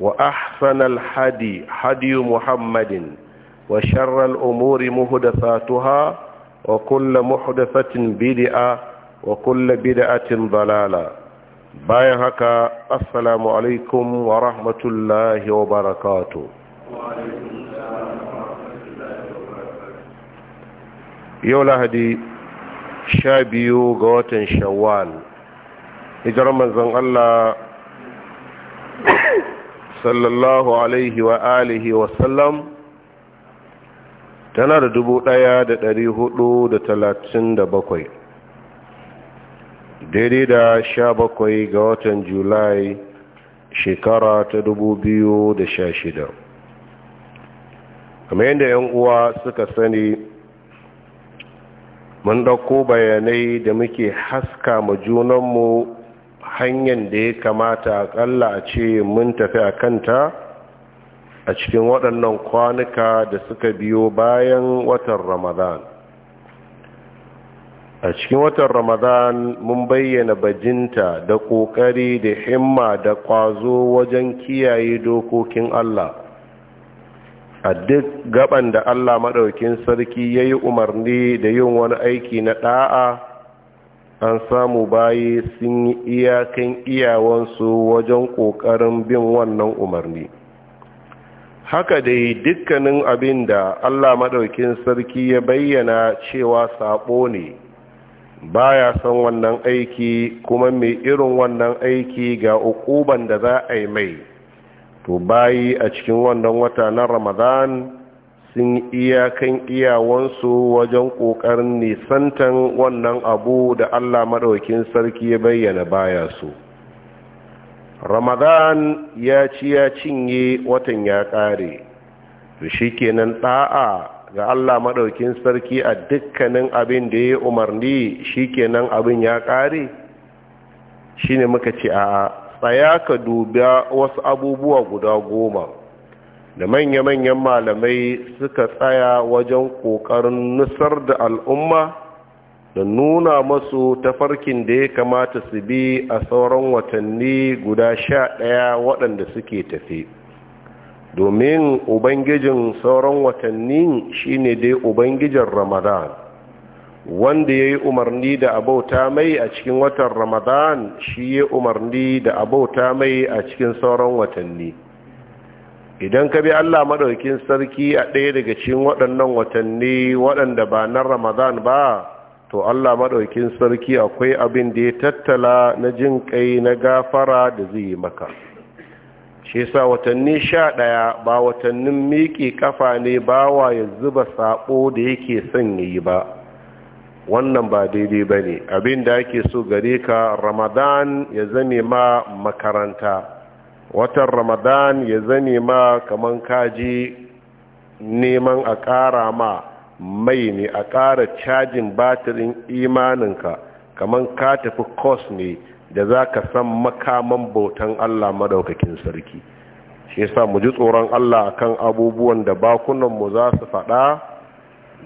وأحسن الحدي حدي محمد وشر الأمور مهدثاتها وكل محدثة بدعة وكل بدعة ضلالة باين هكا السلام عليكم ورحمة الله وبركاته yau lahadi sha biyu ga watan shawwal hijirar manzon Allah sallallahu alaihi wa alihi wasallam tana da dubu ɗaya da ɗari hudu da talatin da bakwai daidai da sha bakwai ga watan julai shekara ta dubu biyu da sha shida kamar yadda 'yan uwa suka sani mun ɗauko bayanai da muke haska ma junanmu hanyar da ya kamata akalla a ce mun tafi a kanta a cikin waɗannan kwanuka da suka biyo bayan watan ramadan a cikin watan ramadan mun bayyana bajinta da ƙoƙari da himma da ƙwazo wajen kiyaye dokokin allah a duk gaban da allah maɗaukin sarki ya yi umarni da yin wani aiki na ɗa'a an samu bayi sun yi iyakan iyawansu wajen ƙoƙarin bin wannan umarni haka dai dukkanin abin da allah maɗaukin sarki ya bayyana cewa saɓo ne baya son wannan aiki kuma mai irin wannan aiki ga ukuban da za a yi mai to bayi a cikin wannan wata na ramadan sun iyakan iyawansu wajen ƙoƙarin nisantan wannan abu da Allah maɗaukin sarki ya bayyana baya su. Ramadan ya ci ya cinye watan ya ƙare, to shi kenan ɗa'a ga Allah maɗaukin sarki a dukkanin abin da ya umarni shi kenan abin ya ƙare? Shi ne muka ce a tsaya ka dubi wasu abubuwa guda goma. da manya-manyan malamai suka tsaya wajen ƙoƙarin nusar da al'umma da nuna masu tafarkin da ya kamata su bi a sauran watanni guda sha ɗaya waɗanda suke tafi domin ubangijin sauran watanni shine dai ubangijin ramadan wanda ya yi umarni da abauta mai a cikin watan ramadan shi ya umarni da abauta mai a cikin sauran watanni idan ka bi Allah madaukin sarki a ɗaya daga cikin waɗannan watanni waɗanda ba na Ramadan ba to Allah madaukin sarki akwai abin da ya tattala na jin kai na gafara da zai yi maka shi yasa watanni sha ɗaya ba watannin miƙe kafa ne ba wa ya zuba saƙo da yake son yi ba wannan ba daidai ba ne abin da ake so gare ka ramadan ya zame ma makaranta watan ramadan ya zane ma kaman kaji neman a ƙara ma mai ne a ƙara cajin batirin imaninka kaman ka tafi kos ne da za ka san makaman bautan allah madaukakin sarki shi sa mu ji tsoron allah akan abubuwan da bakunanmu za su faɗa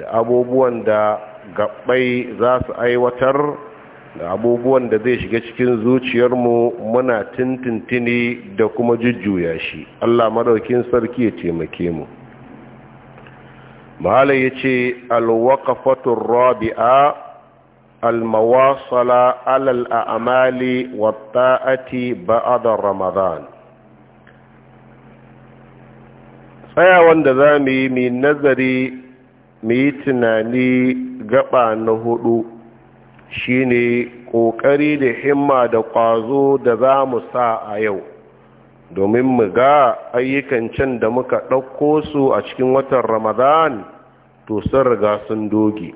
da abubuwan da gaɓai za su aiwatar da abubuwan da zai shiga cikin zuciyarmu muna tintintini da kuma jujjuya shi Allah madaukin sarki ya taimake mu mahala ya ce alwakafatun rabi'a almawasala alal a'mali wata'ati ba'adar ramadan tsayawan da za mu yi mai nazari mu tunani gaba na hudu shine ƙoƙari da himma da ƙwazo da za mu sa a yau domin mu ga ayyukan can da muka ɗauko su a cikin watan ramadan to sun riga sun doge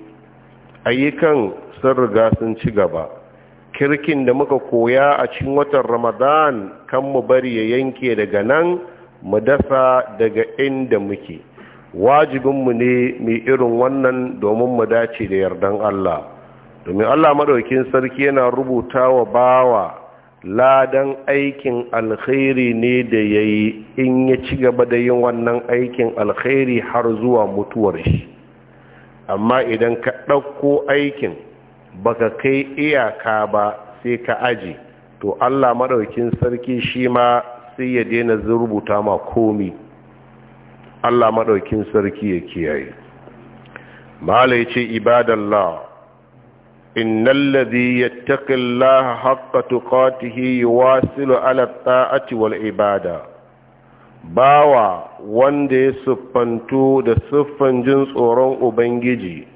ayyukan sun riga sun ci gaba kirkin da muka koya a cikin watan ramadan kan mu bari ya yanke daga nan mu dasa daga inda muke wajibinmu ne mai irin wannan domin mu dace da yardan allah domin Allah maɗaukin sarki yana rubuta wa bawa ladan aikin alkhairi ne da ya yi in ya ci gaba da yin wannan aikin alkhairi har zuwa mutuwar shi amma idan ka ɗauko aikin baka kai iyaka ba sai ka aji to Allah maɗaukin sarki shi ma sai ya daina rubuta ma komi Allah maɗaukin sarki ya kiyaye mala ya ce ibadallah إن الذي يتقي الله حق تقاته يواصل على الطاعة والعبادة باوا wanda ya siffantu da siffan jin tsoron Ubangiji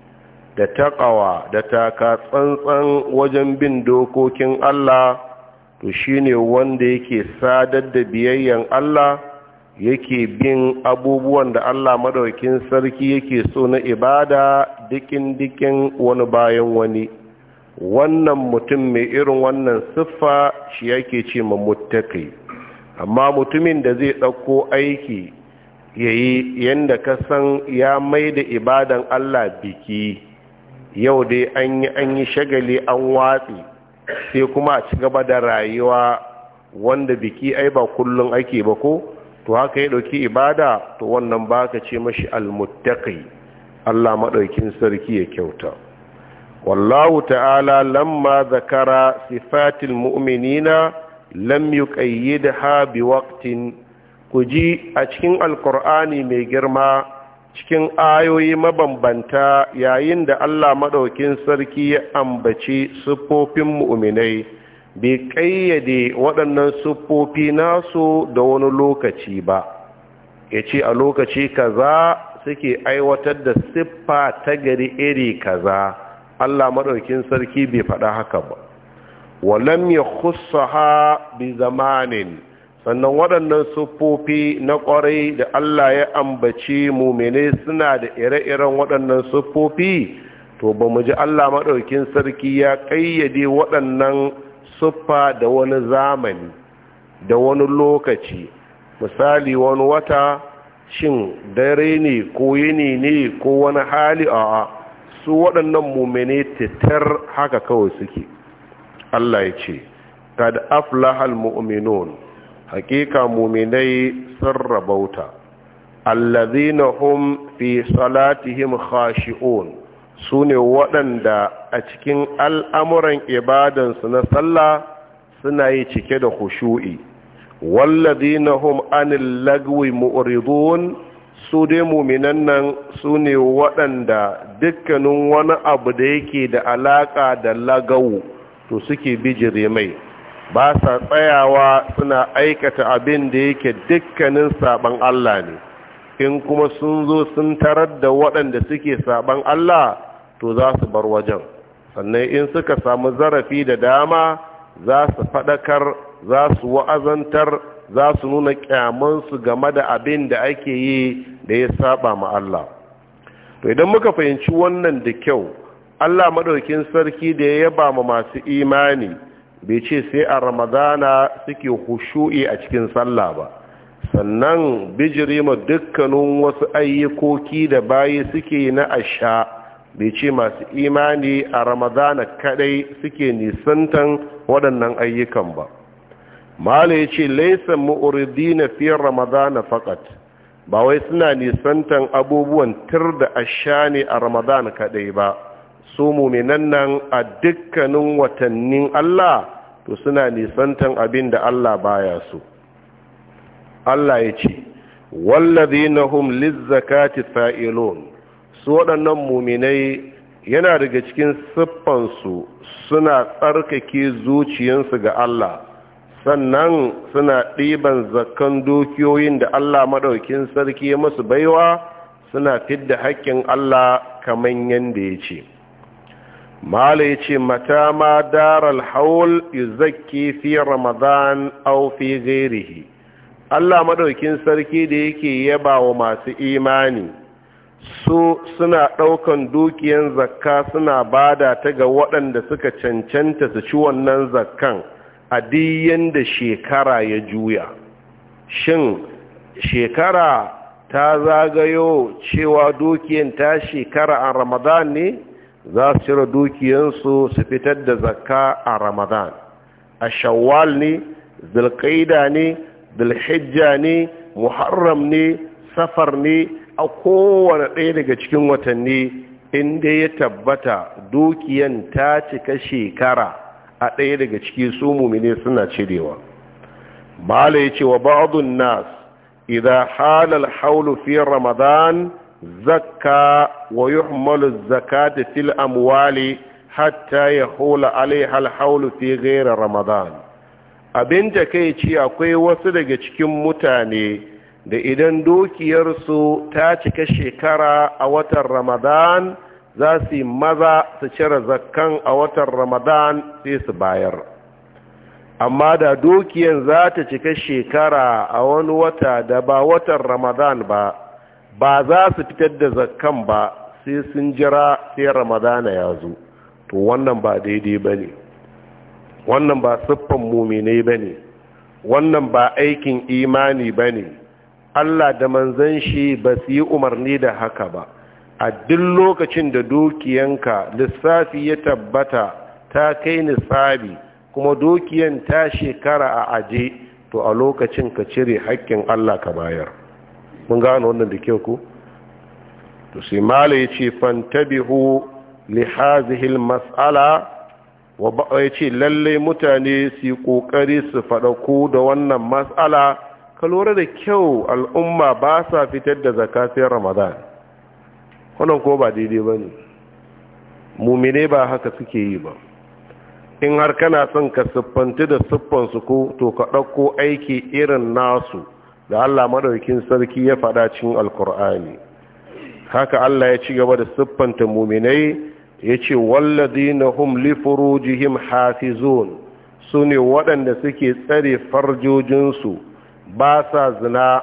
da taƙawa da taka tsantsan wajen bin dokokin Allah to shine wanda yake sadar da biyayyan Allah yake bin abubuwan da Allah madaukin sarki yake so na ibada dikin dikin wani bayan wani wannan mutum mai irin wannan siffa shi yake ce ma muttaki amma mutumin da zai ɗauko aiki ya yi yadda ka san ya mai da ibadan Allah biki yau dai an yi an yi shagali an watsi sai kuma a ci gaba da rayuwa wanda biki ai ba kullum ake ba ko to haka ya ɗauki ibada to wannan ba ka ce mashi almuttaki Allah maɗaukin sarki ya kyauta wallahu ta'ala lamma zakara صفات mu'minina lam يقيدها بوقت كجي ku ji a cikin alkur'ani mai girma cikin ayoyi mabambanta yayin da Allah maɗaukin sarki ya ambaci siffofin mu'minai bai ƙayyade waɗannan siffofi nasu da wani lokaci ba ya ce a lokaci kaza suke aiwatar da siffa ta gari iri kaza Allah maɗaukin sarki bai faɗa haka ba walam ya khussaha bi zamanin sannan waɗannan siffofi na ƙwarai da Allah ya ambaci mumene suna da ire-iren waɗannan siffofi to ba mu ji Allah maɗaukin sarki ya ƙayyade waɗannan siffa da wani zamani da wani lokaci misali wani wata shin dare ne ko yini ne ko wani hali a'a su waɗannan mummune titar haka kawai suke Allah ya ce kad aflahal mu'minun hakika muminai sun rabauta allazina hum fi salatihim khashi'un sune waɗanda a cikin al'amuran ibadansu na sallah suna yi cike da khushu'i wallazina hum anil lagwi mu'ridun su dai muminan nan su ne waɗanda dukkanin wani abu da yake da alaƙa da lagawu to suke bijire mai ba sa tsayawa suna aikata abin da yake dukkanin saɓan Allah ne in kuma sun zo sun tarar da waɗanda suke saɓan Allah to za su bar wajen sannan in suka samu zarafi da dama za su faɗakar za su wa'azantar za su nuna kyamansu game da abin da ake yi da ya saba ma Allah to idan muka fahimci wannan da kyau Allah madaukin sarki da ya yaba ma masu imani bai ce sai a ramadana suke hushu'i a cikin sallah ba sannan bijirima dukkanin wasu ayyukoki da bayi suke na asha bai ce masu imani a ramadana kaɗai suke nisantan waɗannan ayyukan ba mala ya ce laisan ma'uridi na fiye ramadana fakat ba wai suna nisantan abubuwan tir da ashani a ramadana kaɗai ba su muminan nan a dukkanin watannin allah to suna nisantan abin da allah baya su allah ya ce wallazina hum lizzakati fa'ilun su waɗannan muminai yana daga cikin siffansu suna tsarkake zuciyarsu ga allah sannan suna ɗiban zakkan dukiyoyin da Allah maɗaukin sarki ya masu baiwa suna fidda haƙƙin Allah kamar yadda ya ce mala ya ce mata ma daral haul yuzakki fi ramadan au fi Allah maɗaukin sarki da yake yaba wa masu imani su suna ɗaukan dukiyan zakka suna bada ta ga waɗanda suka cancanta su ci wannan zakkan a diyan da shekara ya juya shin shekara ta zagayo cewa dukiyan ta shekara a ramadan ne za su cire dukiyansu su fitar da zakka a ramadan a shawwal ne zulkaida ne zulhijja ne muharram ne safar ne a kowane ɗaya daga cikin watanni inda ya tabbata dukiyan ta cika shekara a ɗaya daga ciki su mumine suna cirewa mala ya ce wa ba'adun nas idan halal haulu fi ramadan zakka wa yuhmalu zakata fil amwali hatta ya hula alaiha haulu fi gaira ramadan abin da kai ce akwai wasu daga cikin mutane da idan dokiyarsu ta cika shekara a watan ramadan za su yi maza su cire zakkan a watan ramadan sai su bayar amma da dukiyan za ta cika shekara a wani wata da ba watan ramadan ba ba za su fitar da zakkan ba sai sun jira sai ramadana ya zo to wannan ba daidai ba ne wannan ba siffan muminai ba ne wannan ba aikin imani ba ne allah da manzan shi ba su yi umarni da haka ba a duk lokacin da dukiyanka lissafi ya tabbata ta kai nisabi kuma dukiyan ta shekara a aje to a lokacin ka cire haƙƙin Allah ka bayar mun gano wannan da kyau ku to sai mala yace fantabihu li hadhihi mas'ala wa ba yace lalle mutane su kokari su fada ko da wannan mas'ala ka lura da kyau al'umma ba sa fitar da zakatin Ramadan wannan ko ba daidai ba ne mumine ba haka suke yi ba in har kana son ka siffanti da siffansu ko to ka ɗauko aiki irin nasu da allah maɗaukin sarki ya faɗa cikin alkur'ani haka allah ya ci gaba da siffanta muminai ya ce walladina hum li furujihim hafizun su ne waɗanda suke tsare farjojinsu ba sa zina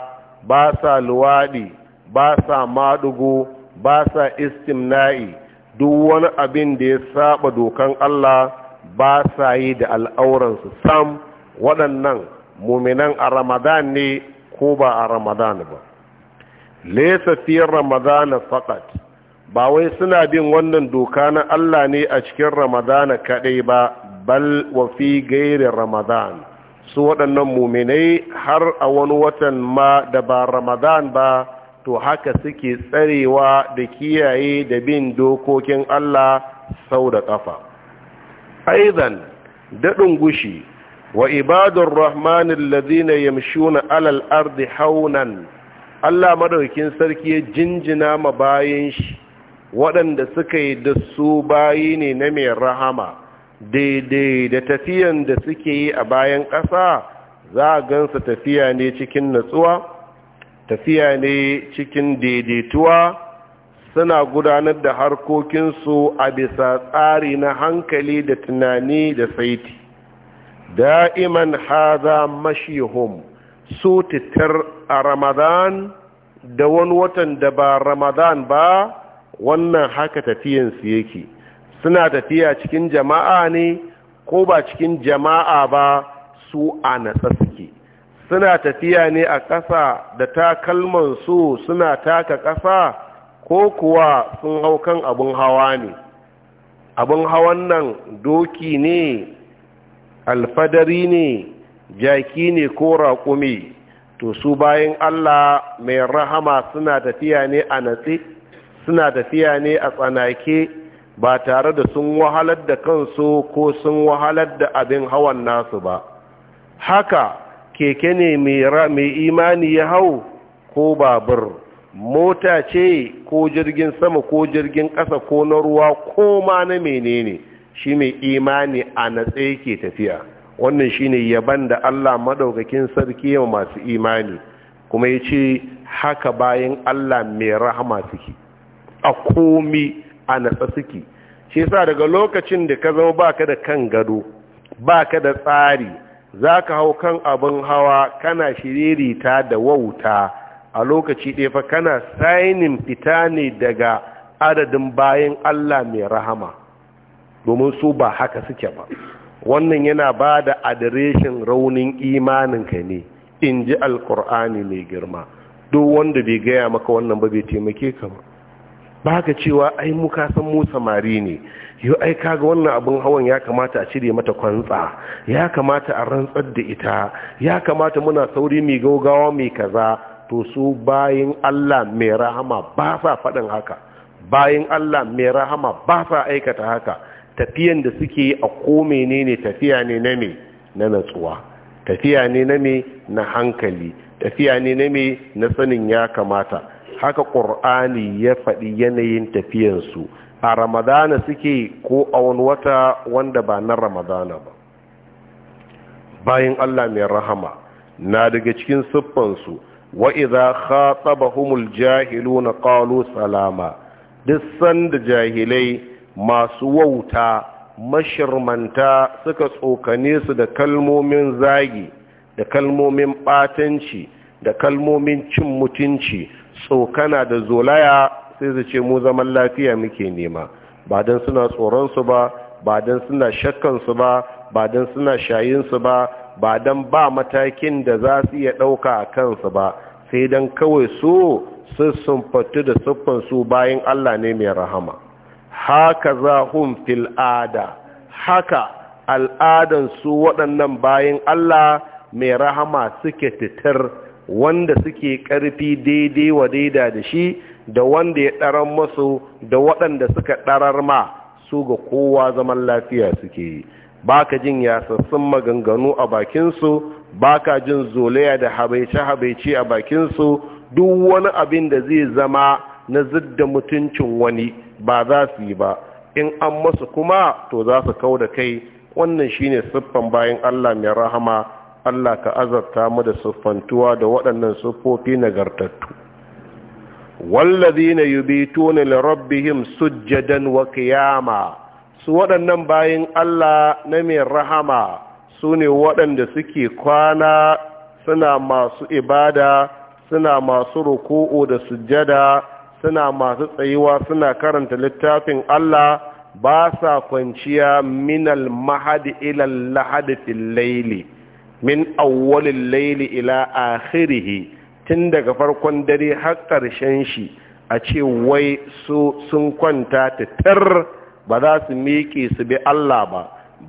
ba sa luwaɗi ba sa maɗugo ba sa istimna'i duk wani abin da ya saba dokan Allah ba sa yi da al'auransu sam waɗannan muminan a ramadan ne ko ba a ramadan ba laisa fi ramadan faqat ba wai suna bin wannan doka na Allah ne a cikin ramadan kaɗai ba bal wa fi gairi ramadan su waɗannan muminai har a wani watan ma da ba ramadan ba to haka suke tsarewa da kiyaye da bin dokokin Allah sau da ƙafa. Aizan daɗin gushi wa ibadun rahmanin lazina na alal ardi haunan Allah madaukin sarki ya jinjina ma bayan shi waɗanda suka yi da su bayi ne na mai rahama daidai da tafiyan da suke yi a bayan ƙasa za a gansa tafiya ne cikin natsuwa. tafiya ne cikin daidaituwa suna gudanar da harkokinsu a bisa tsari na hankali da tunani da saiti da'iman haza mashihum su titar a ramadan da wani watan da ba ramadan ba wannan haka tafiyansu yake suna tafiya cikin jama'a ne ko ba cikin jama'a ba su a natsa suke suna tafiya ne a ƙasa da takalman su suna taka ƙasa ko kuwa sun hau kan abin hawa ne abin hawan nan doki ne alfadari ne jaki ne ko raƙumi to su bayan Allah mai rahama suna tafiya ne a natsi suna tafiya ne a tsanake ba tare da sun wahalar da kansu ko sun wahalar da abin hawan nasu ba haka keke ne mai imani ya hau ko babur mota ce ko jirgin sama ko jirgin ƙasa ko na ruwa ko ma na menene shi mai imani a natsaye ke tafiya wannan shine yaban da Allah madaukakin sarki yau masu imani kuma ya ce haka bayan Allah mai rahama suke a komi a natsa suke shi sa daga lokacin da ka zama baka da kan gado baka da tsari za ka hau kan abin hawa kana shiririta da wauta a lokaci ɗaya fa kana sainin fita ne daga adadin bayan Allah mai rahama domin su ba haka suke ba wannan yana ba da adireshin raunin imaninka ne in ji alkur'ani mai girma duk wanda bai gaya maka wannan ba bai taimake ka ba ka cewa ai muka san mu samari ne yau ai kaga wannan abin hawan ya kamata a cire mata kwantsa ya kamata a rantsar da ita ya kamata muna sauri mai gaugawa mai kaza to su bayin Allah mai rahama ba sa faɗin haka bayan Allah mai rahama ba sa aikata haka tafiyan da suke a ne ne tafiya ne na me na natsuwa tafiya ne na me na hankali tafiya ne na me na sanin ya kamata haka ƙur'ani ya faɗi yanayin tafiyansu a ramadana suke ko a wani wata wanda ba na ramadana ba bayan allah mai rahama na daga cikin siffansu wa'iza khatabahumul jahiluna qalu salama duk sanda jahilai masu wauta mashirmanta suka tsokane su da kalmomin zagi da kalmomin batanci da kalmomin cin mutunci tsokana da zolaya sai su ce mu zaman lafiya muke nema ba don suna tsoronsu ba ba don suna shakkansu ba ba don suna shayinsu ba ba don ba matakin da za su iya ɗauka a kansu ba sai don kawai su sun fatu da siffansu bayan Allah ne mai rahama haka za hun fil'ada haka al'adansu waɗannan bayan Allah mai rahama suke titar wanda suke ƙarfi daidai wa daida da shi da wanda ya ɗarar masu da waɗanda suka ɗarar ma su ga kowa zaman lafiya suke yi ba ka jin yasassun maganganu a bakinsu ba ka jin zolaya da habaice-habaice a bakinsu duk wani abin da zai zama na zidda mutuncin wani ba za su yi ba in an masu kuma to za su kau da kai wannan shine siffan bayan allah mai rahama allah ka azarta mu da siffantuwa da waɗannan siffofi nagartattu wallazina yubituna li rabbihim sujjadan wa qiyama su waɗannan bayin Allah na mai rahama su ne waɗanda suke kwana suna masu ibada suna masu ruku'u da sujjada suna masu tsayuwa suna karanta littafin Allah ba sa kwanciya minal mahadi ilal lahadi fil laili min awwalil laili ila akhirihi tun daga farkon dare har ƙarshen shi a ce wai su sun kwanta tar ba za su miƙe su bi Allah ba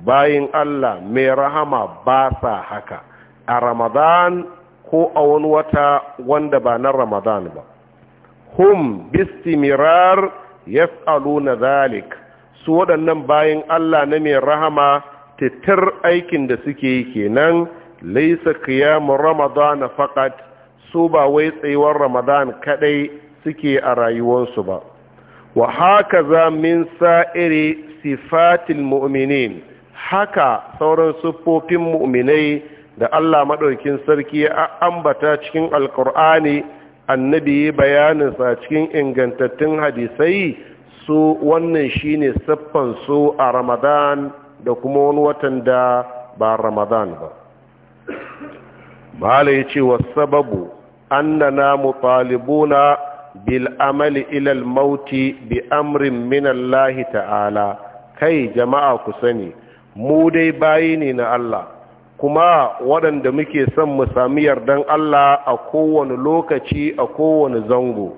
bayin Allah mai rahama ba sa haka a ramadan ko a wani wata wanda ba na ramadan ba hum bistimirar na zalik su waɗannan bayin Allah na mai rahama titir aikin da suke yi kenan laisa qiyamu ramadan faqat su ba wai tsayuwar ramadan kadai suke a rayuwarsu ba wa haka za min sa'iri sifatil mu'minin haka sauran siffofin mu'minai da Allah maɗaukin sarki ya ambata cikin alkur'ani annabi bayaninsa cikin ingantattun hadisai su wannan shine siffan su a ramadan da kuma wani watan da ba ramadan ba bala ya ce wa sababu annana mutalibuna bil amali ilal mauti bi amrin min Allah ta'ala kai jama'a ku sani mu dai bayi ne na Allah kuma waɗanda muke son mu sami yardan Allah a kowane lokaci a kowane zango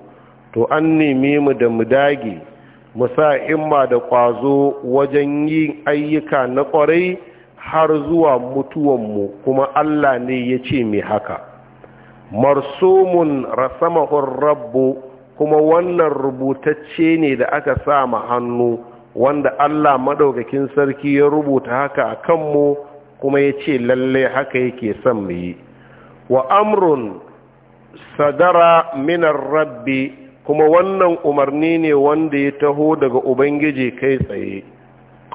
to an nemi mu da mu dage mu sa imma da ƙwazo wajen yin ayyuka na ƙwarai har zuwa mutuwanmu kuma Allah ne ya ce mai haka marsumun rasamahun rabbu kuma wannan rubutacce ne da aka sa ma hannu wanda Allah maɗaukakin sarki ya rubuta haka a kanmu kuma ya ce lalle haka yake son mu yi wa amrun sadara minar rabbi kuma wannan umarni ne wanda ya taho daga ubangiji kai tsaye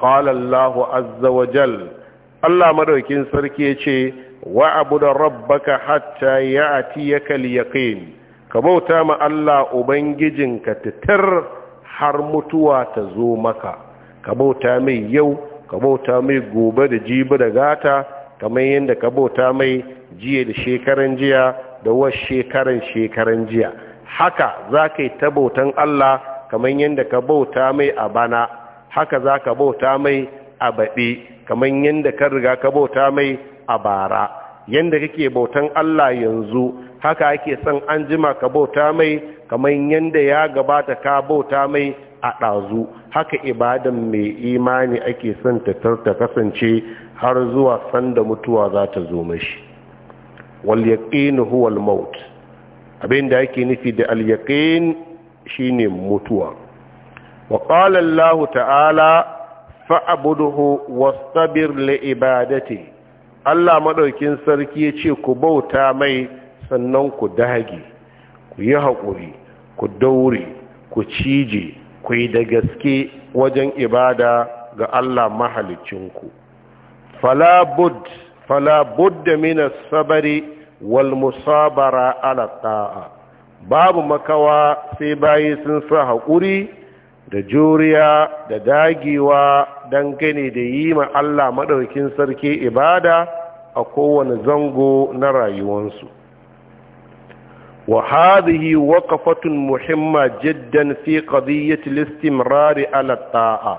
qala Allahu azza wa jalla Allah madaukin sarki ya ce wa abuda rabbaka hatta ya'tiyaka al-yaqin ka bauta ma Allah ubangijinka titir har mutuwa ta zo maka ka bauta mai yau ka bauta mai gobe da jibi da gata kamar yadda ka bauta mai jiya da shekaran jiya da wasu shekaran shekaran jiya haka za ka yi ta bautan Allah kamar yadda ka bauta mai a bana haka za ka bauta mai a kamar yadda ka riga ka bauta mai a bara yadda kake bautan Allah yanzu haka ake son an jima ka bauta mai kamar yadda ya gabata ka bauta mai a ɗazu haka ibadan mai imani ake son ta kasance har zuwa sanda mutuwa za ta zo mashi wal yaqin maut abinda ake nufi da al shine mutuwa wa ta'ala fa'abuduhu wastabir li'ibadati Allah maɗaukin sarki ya ce ku bauta mai sannan ku dage ku yi haƙuri ku daure ku cije ku yi da gaske wajen ibada ga Allah mahalicinku fala falabud da mina Sabari wal musabara ala ta'a babu makawa sai bayi sun sa haƙuri da juriya da dagewa dangane da yi ma Allah maɗaukin sarki ibada a kowane zango na rayuwansu wa hadhihi waqafatun muhimma jiddan fi qadiyyati al-istimrar ala ta'a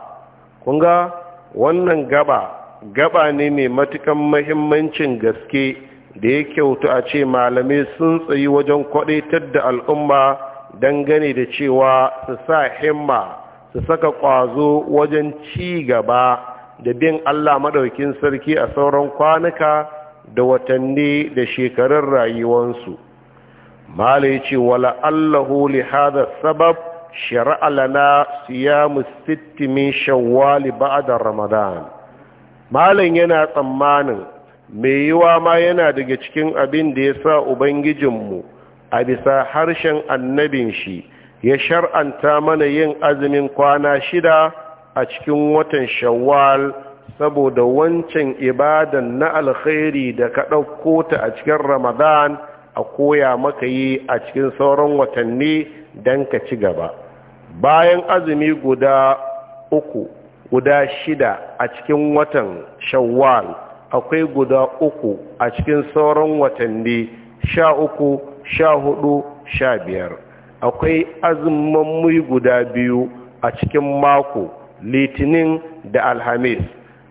kunga wannan gaba gaba ne mai matukan muhimmancin gaske da ya kyautu a ce malamai sun tsayi wajen kwadaitar da al'umma dangane da cewa su sa himma su saka ƙwazo wajen ci gaba da bin Allah maɗaukin sarki a sauran kwanuka da watanni da shekarun rayuwansu mala ya ce wala allahu li hada sabab shari'a lana siyamu sittimin shawwali ba'da ramadan malam yana tsammanin mai yiwa ma yana daga cikin abin da ya sa ubangijinmu a bisa harshen annabin shi ya shar'anta mana yin azumin kwana shida a cikin watan shawwal saboda wancan ibadan na alkhairi da ka ɗauko ta a cikin ramadan a koya maka yi a cikin sauran watanni don ka ci gaba bayan azumi guda uku guda shida a cikin watan shawwal akwai guda uku a cikin sauran watanni sha uku sha hudu sha biyar akwai azumin guda biyu a cikin mako litinin da alhamis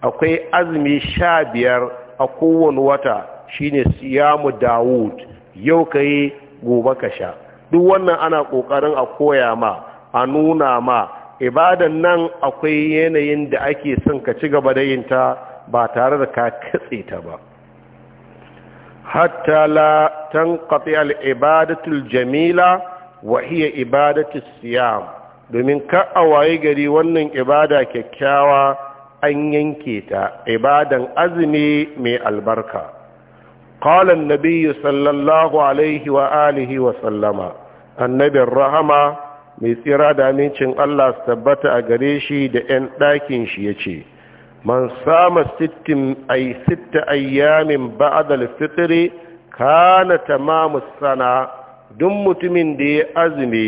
akwai azumi sha biyar a kowane wata shine siyamu dawud yau ka yi gobe ka sha duk wannan ana ƙoƙarin a koya ma a nuna ma ibadan nan akwai yanayin da ake son ka ci gaba da yin ta ba tare da ka katse ta ba hatta la tanqati jamila wa ibadatu siyam domin ka a waye gari wannan ibada kyakkyawa an yanke ta ibadan azumi mai albarka qala Nabiyyu sallallahu alaihi wa alihi wa sallama annabin rahama mai tsira da amincin Allah su tabbata a gare shi da 'yan ɗakin shi ya ce man sama sittin sitta ayyamin ba'da al-fitr kana tamamu sana duk mutumin da ya azumi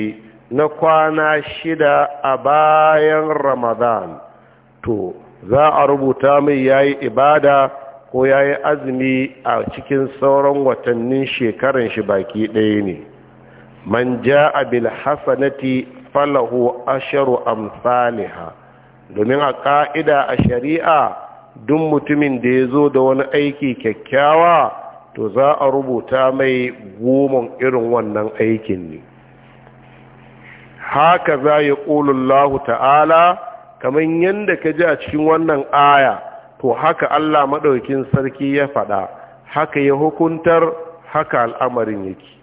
na kwana shida a bayan ramadan to za a rubuta mai yayi ibada ko yayi azumi a cikin sauran watannin shekarar shi baki ɗaya ne man ja'a bil hasanati falahu asharu amsalha domin a ƙa'ida a shari'a dun mutumin da ya zo da wani aiki kyakkyawa to za a rubuta mai goma irin wannan aikin ne haka za ya ƙulullahu ta'ala kamar yadda ka ji a cikin wannan aya to haka Allah maɗaukin sarki ya faɗa haka ya hukuntar haka al'amarin yake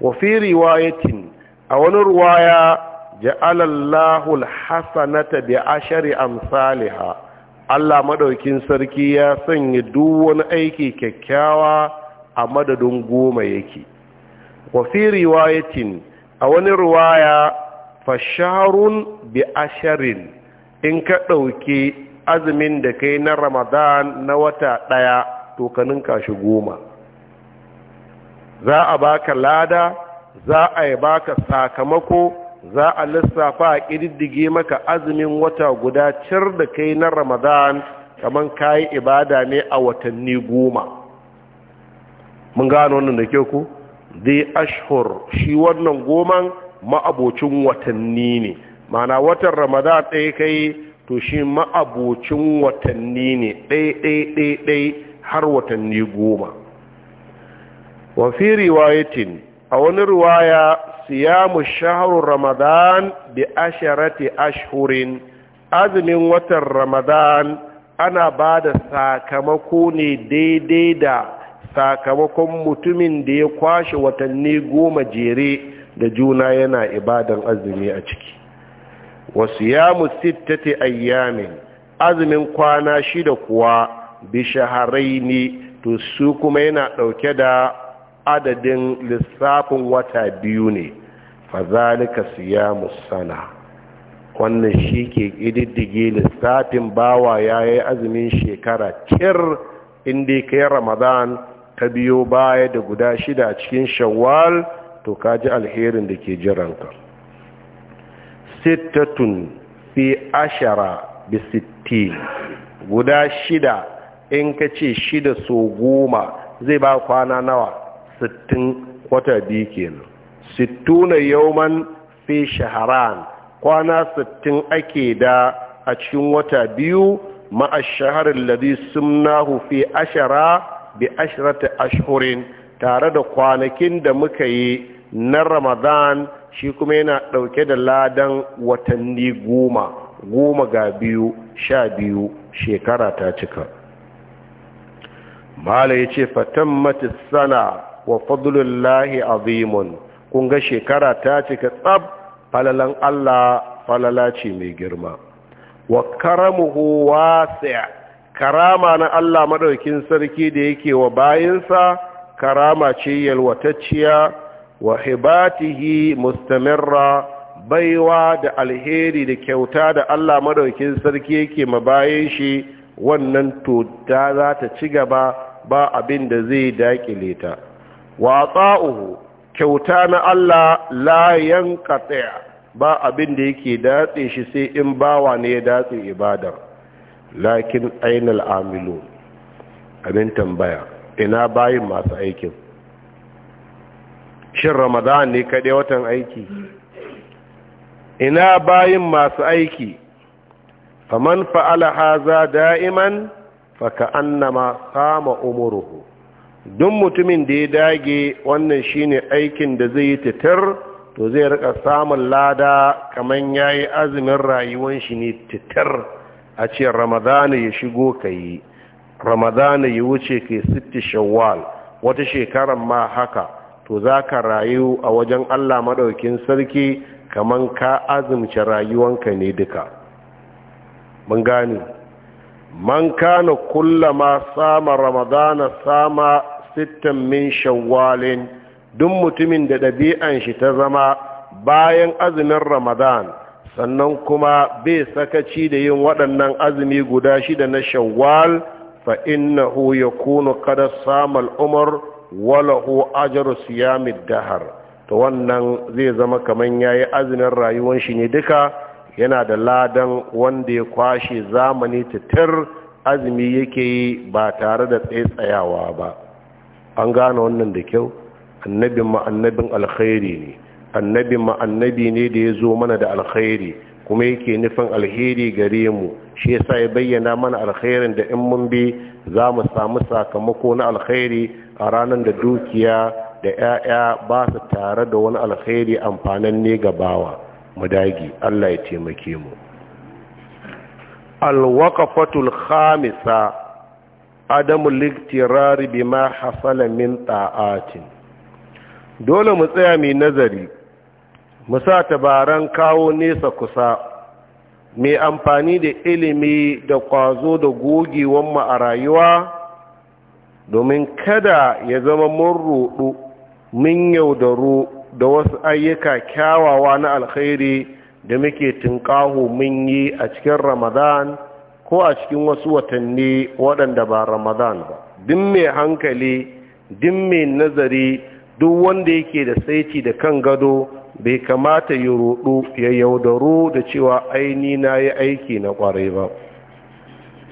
wa ya riwayatin a wani ruwaya ja'alallahu alhasanata bi ashari amsalha Allah madaukin sarki ya sanya duk wani aiki kyakkyawa a madadin goma yake wa fi riwayatin a wani riwaya fasharun bi asharin in ka ɗauki azumin da kai na Ramadan na wata daya to ka ninka shi goma za a baka lada za a yi baka sakamako za a lissafa a ƙididdige maka azumin wata guda cir da kai na ramadan kamar kayi ibada ne a watanni goma mun gano wannan da ke ku the ashur shi wannan goman ma'abocin watanni ne mana watan ramadan ɗaya kai to shi ma'abocin watanni ne ɗai-ɗai-ɗai har watanni goma fi riwayatin a wani riwaya siyamu shahrun ramadan bi asharati ashhurin azumin watan ramadan ana ba da sakamako ne daidai da sakamakon mutumin da ya kwashe watanni goma jere da juna yana ibadan azumi a ciki wasu yamu sittati ayyamin azumin kwana shida kuwa bi ne to su kuma yana ɗauke da adadin lissafin wata biyu ne fazalika siyamu sana wannan shi ke ƙididdige lissafin bawa ya yi azumin shekara kir inda kai ramadan ka biyo baya da guda shida cikin shawwal to ka ji alherin da ke jiranka sittatun fi ashara bi sitti guda shida in ka ce shida so goma zai ba kwana nawa sittin kwata biyu kenan sittuna yauman fi shaharan kwana sittin ake da a cikin wata biyu ma'a shaharar ladhi sumnahu fi ashara bi ashrata ashirin, tare da kwanakin da muka yi na ramadan shi kuma yana ɗauke da ladan watanni goma goma ga biyu sha biyu shekara ta cika mala ya ce fatan matisana wa fadlullahi azimun kun ga shekara ta cika tsab falalan Allah falala ce mai girma wa karamuhu wasi'a karama na Allah madaukin sarki da yake wa bayinsa karama ce yalwatacciya wa hibatihi mustamirra baiwa da alheri da kyauta da Allah madaukin sarki yake mabayin shi wannan to da za ta ci gaba ba abin da zai dakile ta wa ta'uhu kyauta na Allah la yanqati ba abin da yake datse shi sai in bawa ne ya datse ibadar lakin ainal amilu abin tambaya ina bayin masu aikin shin ramadan ne kaɗai watan aiki ina bayin masu aiki faman fa'ala haza da'iman faka annama kama umuruhu Dun mutumin da ya dage wannan shine aikin da zai yi titir to zai rika samun lada kamar ya yi azumin rayuwar shi ne titir a ce ramadana ya shigo ka yi ramadana ya wuce yi sitti shawwal wata shekarar ma haka to za ka rayu a wajen Allah maɗaukin sarki kamar ka azumce rayuwanka ne duka mun gane man kana kullama sama ramadana sama sittan min shawwalin duk mutumin da dabi'an shi ta zama bayan azumin ramadan sannan kuma bai sakaci da yin waɗannan azumi guda shida na shawwal fa innahu yakunu qad sama al-umr wa lahu ajru siyam ad-dahr to wannan zai zama kaman yayi azumin rayuwar shi ne duka yana da ladan wanda ya kwashe zamani titir azumi yake yi ba tare da tsayawa ba an gane wannan da kyau annabin ma annabin alkhairi ne annabin ma annabi ne da ya zo mana da alkhairi kuma yake nufin alheri gare mu shi yasa ya bayyana mana alkhairin da in mun bi za mu samu sakamako na alkhairi a ranar da dukiya da 'ya'ya ba su tare da wani alkhairi amfanin ga bawa mu dagi Allah ya taimake mu al-waqafatul khamisa adamu liktirari bima hasala min ta'atin dole mu tsaya mai nazari mu sa tabaran kawo nesa kusa mai amfani da ilimi da kwazo da gogewanmu a rayuwa domin kada ya zama mun roɗo mun yaudaro da wasu ayyuka kyawawa na alkhairi da muke tunƙaho mun yi a cikin ramadan ko a cikin wasu watanni waɗanda ba ramadan ba din mai hankali din mai nazari duk wanda yake da saiti da kan gado bai kamata yi rudu ya yaudaro da cewa aini na yi aiki na ƙwarai ba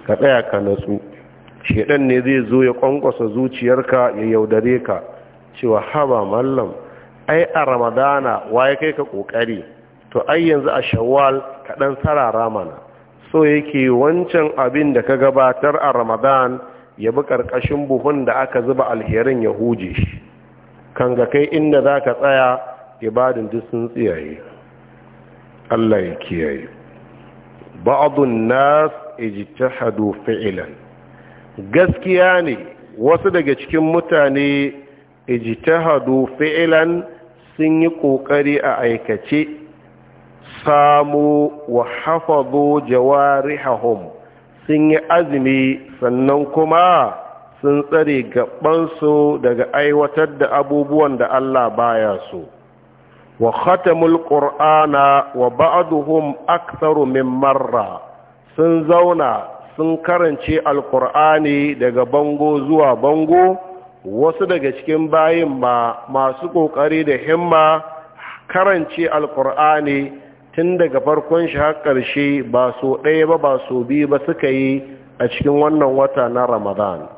ka tsaya ka natsu shedan ne zai zo ya ƙwanƙwasa zuciyarka ya yaudare ka cewa haba mallam ai a ramadana waye kai ka ƙoƙari? to ai yanzu a shawwal ka dan sarara mana so yake wancan abin da ka gabatar a ramadan ya bi ƙarƙashin buhun da aka zuba alherin ya huje shi kan ga kai inda za ka tsaya ibadin duk sun tsiyaye allah ya kiyaye ba'adun nas ijtihadu fi'lan gaskiya ne wasu daga cikin mutane ijtihadu fi'lan sun yi kokari a aikace samu wa hafazo jawarihahum sun yi azumi sannan kuma sun tsare gabansu daga aiwatar da abubuwan da Allah baya so wa khatamul qur'ana wa ba'dhum aktharu min marra sun zauna sun karance alqur'ani daga bango zuwa bango wasu daga cikin bayin ma masu kokari da himma karance alqur'ani tun daga farkon shi har ƙarshe ba so ɗaya ba ba so biyu ba suka yi a cikin wannan wata na ramadan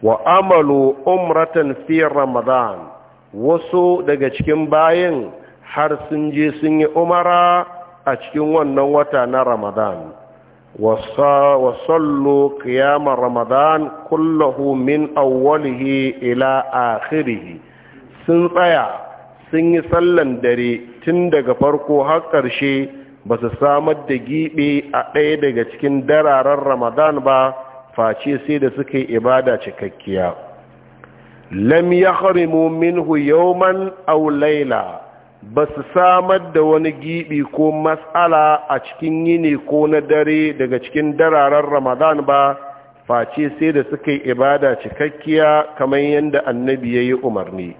wa amalu umratan fi ramadan wasu daga cikin bayan har sun je sun yi umara a cikin wannan wata na ramadan wa sallu ramadan kullahu min awwalihi ila akhirih sun tsaya sun yi sallan dare tun daga farko har ƙarshe ba su samar da giɓe a ɗaya daga cikin dararen ramadan ba face sai da suka yi ibada cikakkiya lam ya harimu minhu yawman aw ba su samar da wani giɓi ko matsala a cikin yini ko na dare daga cikin dararen ramadan ba face sai da suka yi ibada cikakkiya kamar yadda annabi ya yi umarni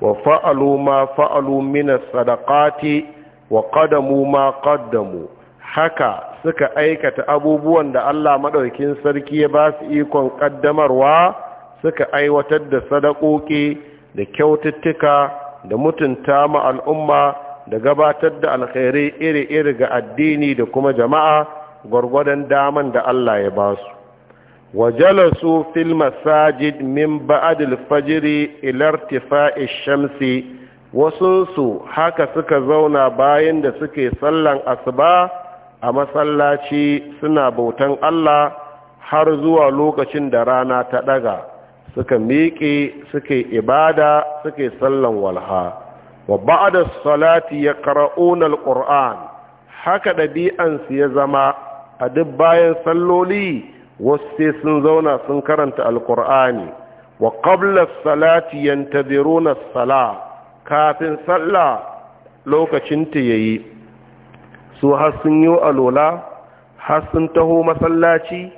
wa fa'alu ma fa'alu mina sadakati, wa ƙadamu ma qaddamu haka suka aikata abubuwan da Allah maɗaukin sarki ya ba su ikon ƙaddamarwa, suka aiwatar da sadaƙoƙi da kyaututtuka da mutunta ma al'umma da gabatar da alkhairai iri-iri ga addini da kuma jama'a gwargwadon daman da Allah ya ba su وجلسوا في min من بعد الفجر إلى ارتفاع الشمس wasunsu haka suka zauna bayan da suke sallan asuba a masallaci suna bautan Allah har zuwa lokacin da rana ta ɗaga suka miƙe suke ibada suke sallan walha wa ba'da salati ya ƙara'unar ƙur'an haka ɗabi'ansu ya zama a duk bayan salloli wasu sai sun zauna sun karanta alkur'ani wa qabla salati yantaziruna sala kafin sallah lokacin ta yayi su har sun yi alola har sun taho masallaci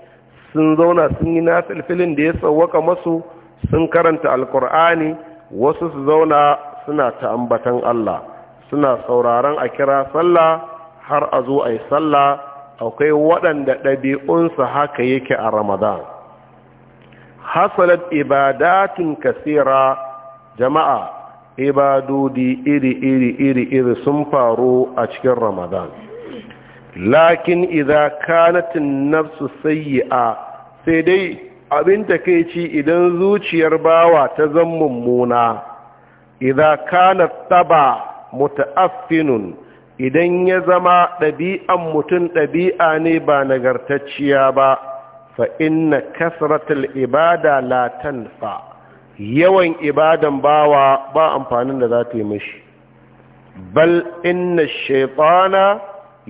sun zauna sun yi nasilfilin da ya tsawaka masu sun karanta alkur'ani wasu su zauna suna ta ambatan Allah suna sauraron a kira sallah har a zo a yi sallah akwai waɗanda ɗabi'unsa haka yake a ramadan hasalat ibadatun kasira jama'a ibadodi iri-iri iri-iri sun faru a cikin ramadan lakin idan kanatin nafsu a, sai dai abin takaici idan zuciyar bawa ta zan mummuna idan kana taba mutu'affinun idan ya zama ɗabi'an mutum ɗabi'a ne ba nagartacciya ba fa inna kasratul ibada latan fa, yawan ibadan bawa ba amfanin da za ta yi mashi. bal inna shaitana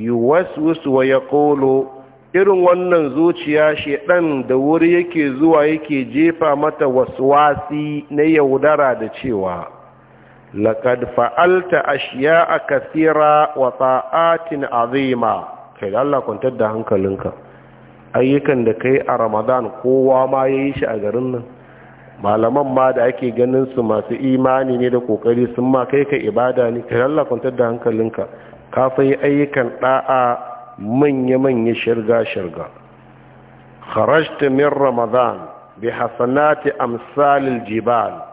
yuwaswisu wa ya kolo, irin wannan zuciya shaidan da wuri yake zuwa yake jefa mata wasu waswasi na yaudara da cewa laqad fa'alta a kathira wa ta'atin azima kai da Allah da hankalinka ayyukan da kai a Ramadan kowa ma yayi shi a garin nan malaman ma da ake ganin su masu imani ne da kokari sun ma kai ka ibada ne kai Allah da hankalinka ka fa ayyukan ɗa'a manya-manya shirga-shirga kharajta min Ramadan bi hasanati amsalil jibal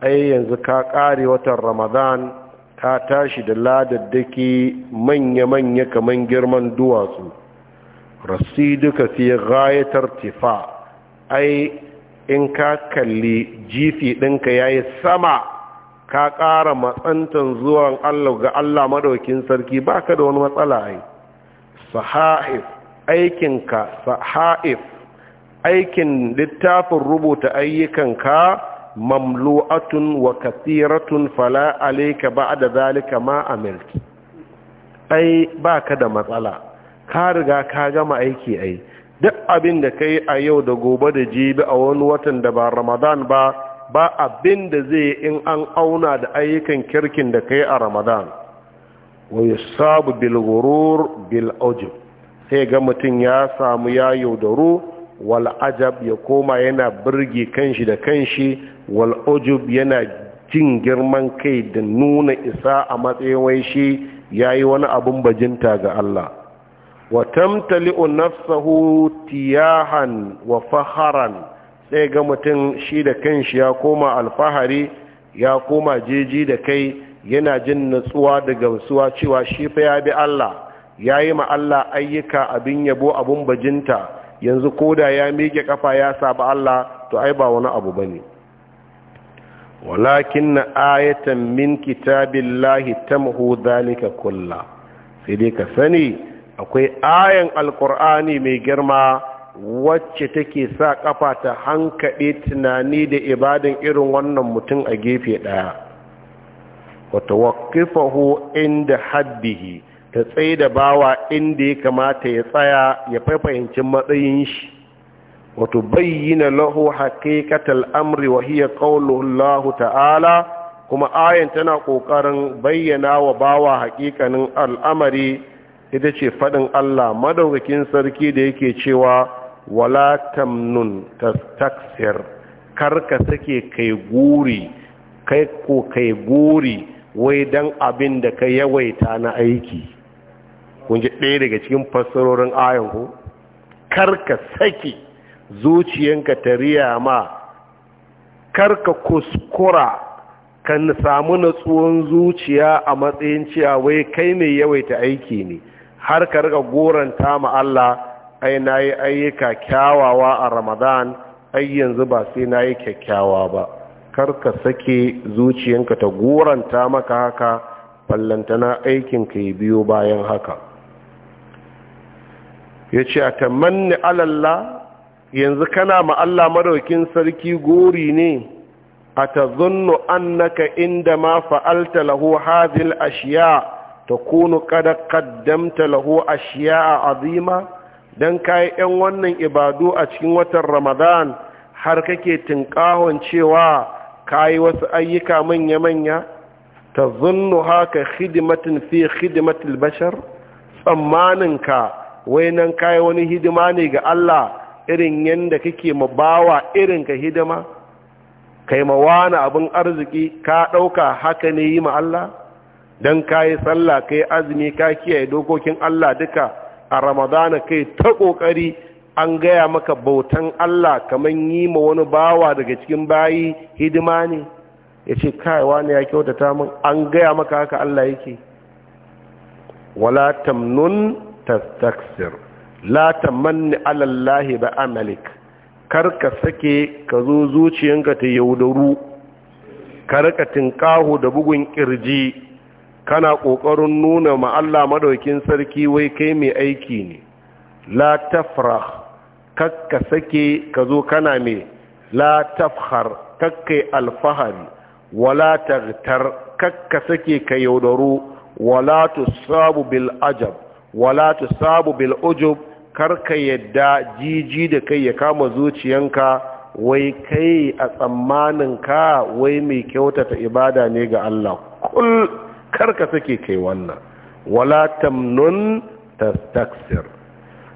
ai yanzu ka ƙare watan ramadan ka tashi da ladaddaki manya-manya kaman girman duwatsu duka fi gaya tifa ai in ka kalli jifi ɗinka ya yi sama ka ƙara matsantan zuwa allah ga allah maɗaukin sarki ba ka da wani matsala ai saha'if aikinka saha'if aikin littafin rubuta ayyukanka mamlu'atun wa kathiratun fala alayka ba'da zalika ma amilt ai ka da matsala ka riga ka gama aiki ai duk abin da kai a yau da gobe da jibi a wani watan da ba Ramadan ba ba abin da zai in an auna da ayyukan kirkin da kai a Ramadan wa yusabu bil ghurur bil ujub sai ga mutum ya samu ya yaudaru wal ya koma yana birge kanshi da kanshi wal yana jin girman kai da nuna isa a matsayin wai shi yayi wani abun bajinta ga Allah wa tamtali'u nafsahu tiyahan wa faharan sai ga mutum shi da kanshi ya koma alfahari ya koma jeji da kai yana jin natsuwa da gamsuwa cewa shi fa ya bi Allah ya yi ma Allah ayyuka abin yabo abun bajinta yanzu ko da ya miƙe kafa ya saba Allah to ai ba wani abu bane walakin na ayatan min kitabillahi tamhu zalika kulla sai dai ka sani akwai ayan alkur'ani mai girma wacce take sa kafa ta hankade tunani da ibadan irin wannan mutum a gefe ɗaya wa tawaqqifahu inda haddihi ta tsaye da bawa inda ya kamata ya tsaya ya fahimci matsayin shi wato bayyana lahu haqiqatal amri wa hiya qawluhu ta'ala kuma ayan tana ƙoƙarin bayyana wa bawa haƙiƙanin al'amari ita ce faɗin Allah madaukakin sarki da yake cewa wala tamnun tastaksir karka sake kai guri kai ko kai guri wai dan abin da ka yawaita na aiki kun ji ɗaya daga cikin fassarorin ayan ku karka saki zuciyanka ta riya ma karka kuskura kan samu natsuwan zuciya a matsayin cewa wai kai mai yawaita aiki ne har ka riga goranta ma Allah ai nayi ayyuka kyawawa a Ramadan ai yanzu ba sai nayi kyakkyawa ba Kar ka sake zuciyanka ta goranta maka haka ballantana aikin ka biyo bayan haka ya ce a tamanni alalla yanzu kana ma Allah madaukin sarki gori ne a ta zunnu annaka inda ma fa'alta lahu hadil ashiya ta kunu kada kaddamta lahu ashiya a azima don kayi ‘yan wannan ibadu a cikin watan ramadan har kake tinkahon cewa kayi wasu ayyuka manya-manya ta zunnu haka hidimatin fi hidimatin bashar tsammaninka wai nan kai wani hidima ne ga Allah irin yanda kake ma bawa irin ka hidima kai ma wani abin arziki ka ɗauka haka ne yi ma Allah dan kai sallah kai azumi ka kiyaye dokokin Allah duka a Ramadana kai ta ƙoƙari an gaya maka bautan Allah kamar yi ma wani bawa daga cikin bayi hidima ne ya ce kayawa wani ya kyautata min an gaya maka haka Allah yake wala tamnun tastaksir la tamanni alallahi ba amalik kar ka sake ka zo zuciyanka ta yaudaru karka tinkahu da bugun kirji kana ƙoƙarin nuna ma Allah madaukin sarki wai kai mai aiki ne la tafrah kakka sake ka zo kana mai la tafkhar kakkai alfahari wala taghtar kakka sake ka yaudaru wala tusabu bil ajab wala tusabu bil ujub karka yadda jiji da kai ya kama zuciyanka wai kai a tsammanin ka wai mai kyautata ibada ne ga Allah kul karka sake kai wannan wala tamnun tastaksir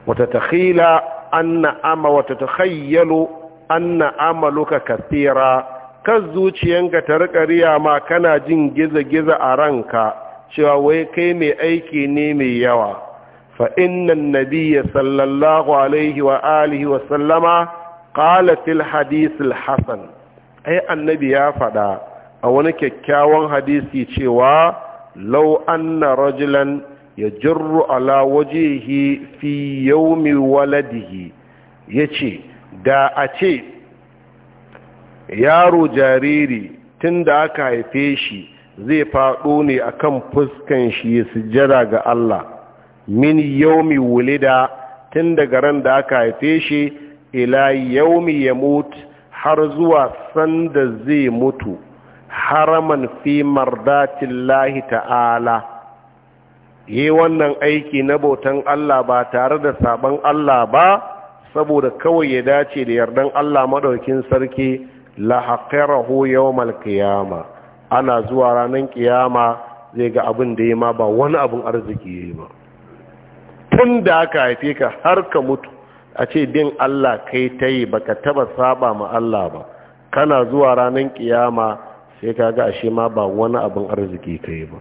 watatakhila anna ama watatakhayalu anna amaluka kathira kan zuciyanka ta riƙa riya ma kana jin giza-giza a ranka cewa wai kai mai aiki ne mai yawa fa innan nabiyya sallallahu alaihi wa alihi wa sallama qala fil ai annabi ya faɗa a wani kyakkyawan hadisi cewa law anna rajulan yajru ala wajhihi fi yawmi waladihi yace da a ce yaro jariri tun da aka haife shi zai faɗo ne a kan fuskan shi su sujjada ga Allah min yaumi wulida tun daga ran da aka haife shi ila yaumi ya mutu har zuwa sanda zai mutu haraman fi mardatin lahi ta'ala yi wannan aiki na bautan Allah ba tare da sabon Allah ba saboda kawai ya dace da yardan Allah maɗaukin sarki la haƙarahu yau qiyama ana zuwa ranar kiyama zai ga abin da ya ma ba wani abin arziki ya yi ba tun da aka haife ka har ka mutu a ce bin Allah kai ta yi ba ka taba saba ma Allah ba kana zuwa ranar kiyama sai ka ga ashe ma ba wani abin arziki ka yi ba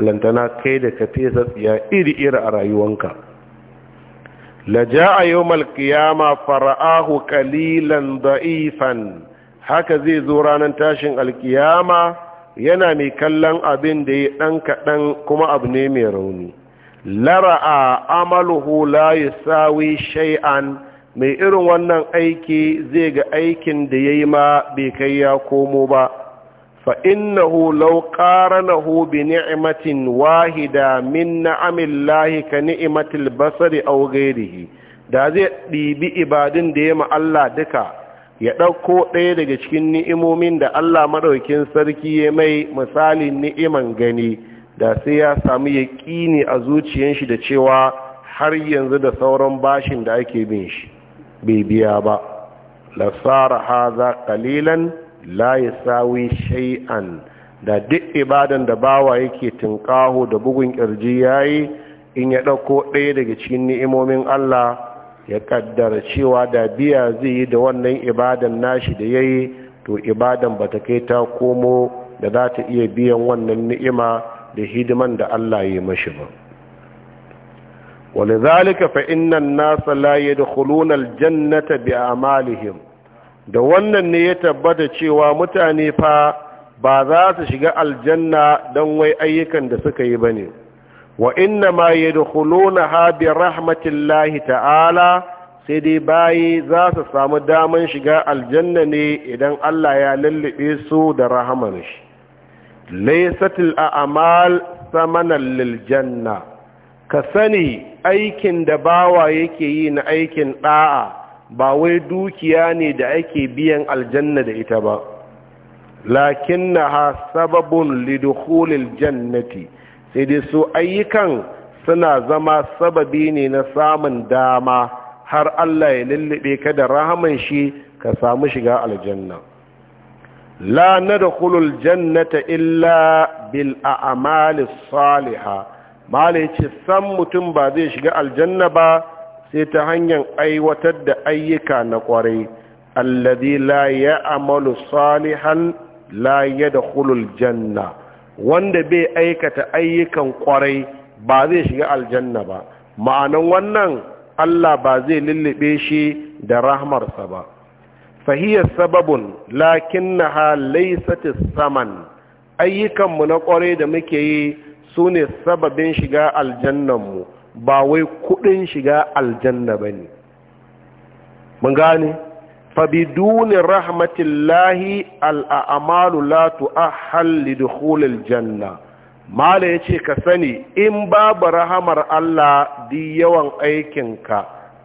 lantana kai da ka fesa tsiya iri-iri a rayuwanka laja'a yawmal qiyama fara'ahu qalilan da'ifan haka zai zo ranar tashin alkiyama yana mai kallon abin da ya ɗan kaɗan kuma abu ne mai rauni lara'a amaluhu la sawi shay'an mai irin wannan aiki zai ga aikin da ya yi ma bai kai ya komo ba fa innahu law qaranahu bi ni'matin wahida min lahi ka ni'matil basari aw ghayrihi da zai ɗibi ibadin da ya ma Allah duka ya ɗauko ɗaya daga cikin ni'imomin da Allah maɗaukin sarki ya mai misalin ni'iman gani da sai ya samu ya ƙini a zuciyan shi da cewa har yanzu da sauran bashin da ake bin shi bai biya ba lasara haza kalilan la sawi shay'an da duk ibadan da bawa yake tunƙaho da bugun ƙirji yayi in ya ɗauko ɗaya daga cikin ni'imomin Allah ya kaddara cewa da biya zai yi da wannan ibadan nashi da ya yi to ibadan ba ta kai ta komo da za ta iya biyan wannan ni'ima da hidiman da Allah ya yi mashi ba Wani فإن الناس لا يدخلون الجنة بأعمالهم da wannan ne ya tabbata cewa mutane fa ba za su shiga aljanna don wai ayyukan da suka yi ba ne wa inna ma yadkhuluna ha bi rahmatillahi ta'ala sai dai bayi za su samu daman shiga aljanna ne idan Allah ya lullube su da rahaman shi laysatil a'mal samanan lil janna ka sani aikin da bawa yake yi na aikin da'a ba wai dukiya ne da ake biyan aljanna da ita ba lakinnaha sababun lidukhulil jannati sai dai su ayyukan suna zama sababi ne na samun dama har Allah ya lullube ka da rahaman shi ka samu shiga aljanna la nadkhulul jannata illa bil a'mali salihah mala yace san mutum ba zai shiga aljanna ba sai ta hanyar aiwatar da ayyuka na kwarai alladhi la ya'malu salihan la yadkhulul janna wanda bai aikata ayyukan kwarai ba zai shiga aljanna ba ma'anan wannan Allah ba zai lullube shi da rahmarsa ba fahiyar sababun lakinnaha laisatis saman ayyukanmu na kwarai da muke yi sune ne sababin shiga aljannanmu ba wai kudin shiga aljanna ba ne mun gane فبدون رحمة الله الأعمال لا تؤهل لدخول الجنة ما ليش كسني إن باب رحمة الله دي يوان أيكنك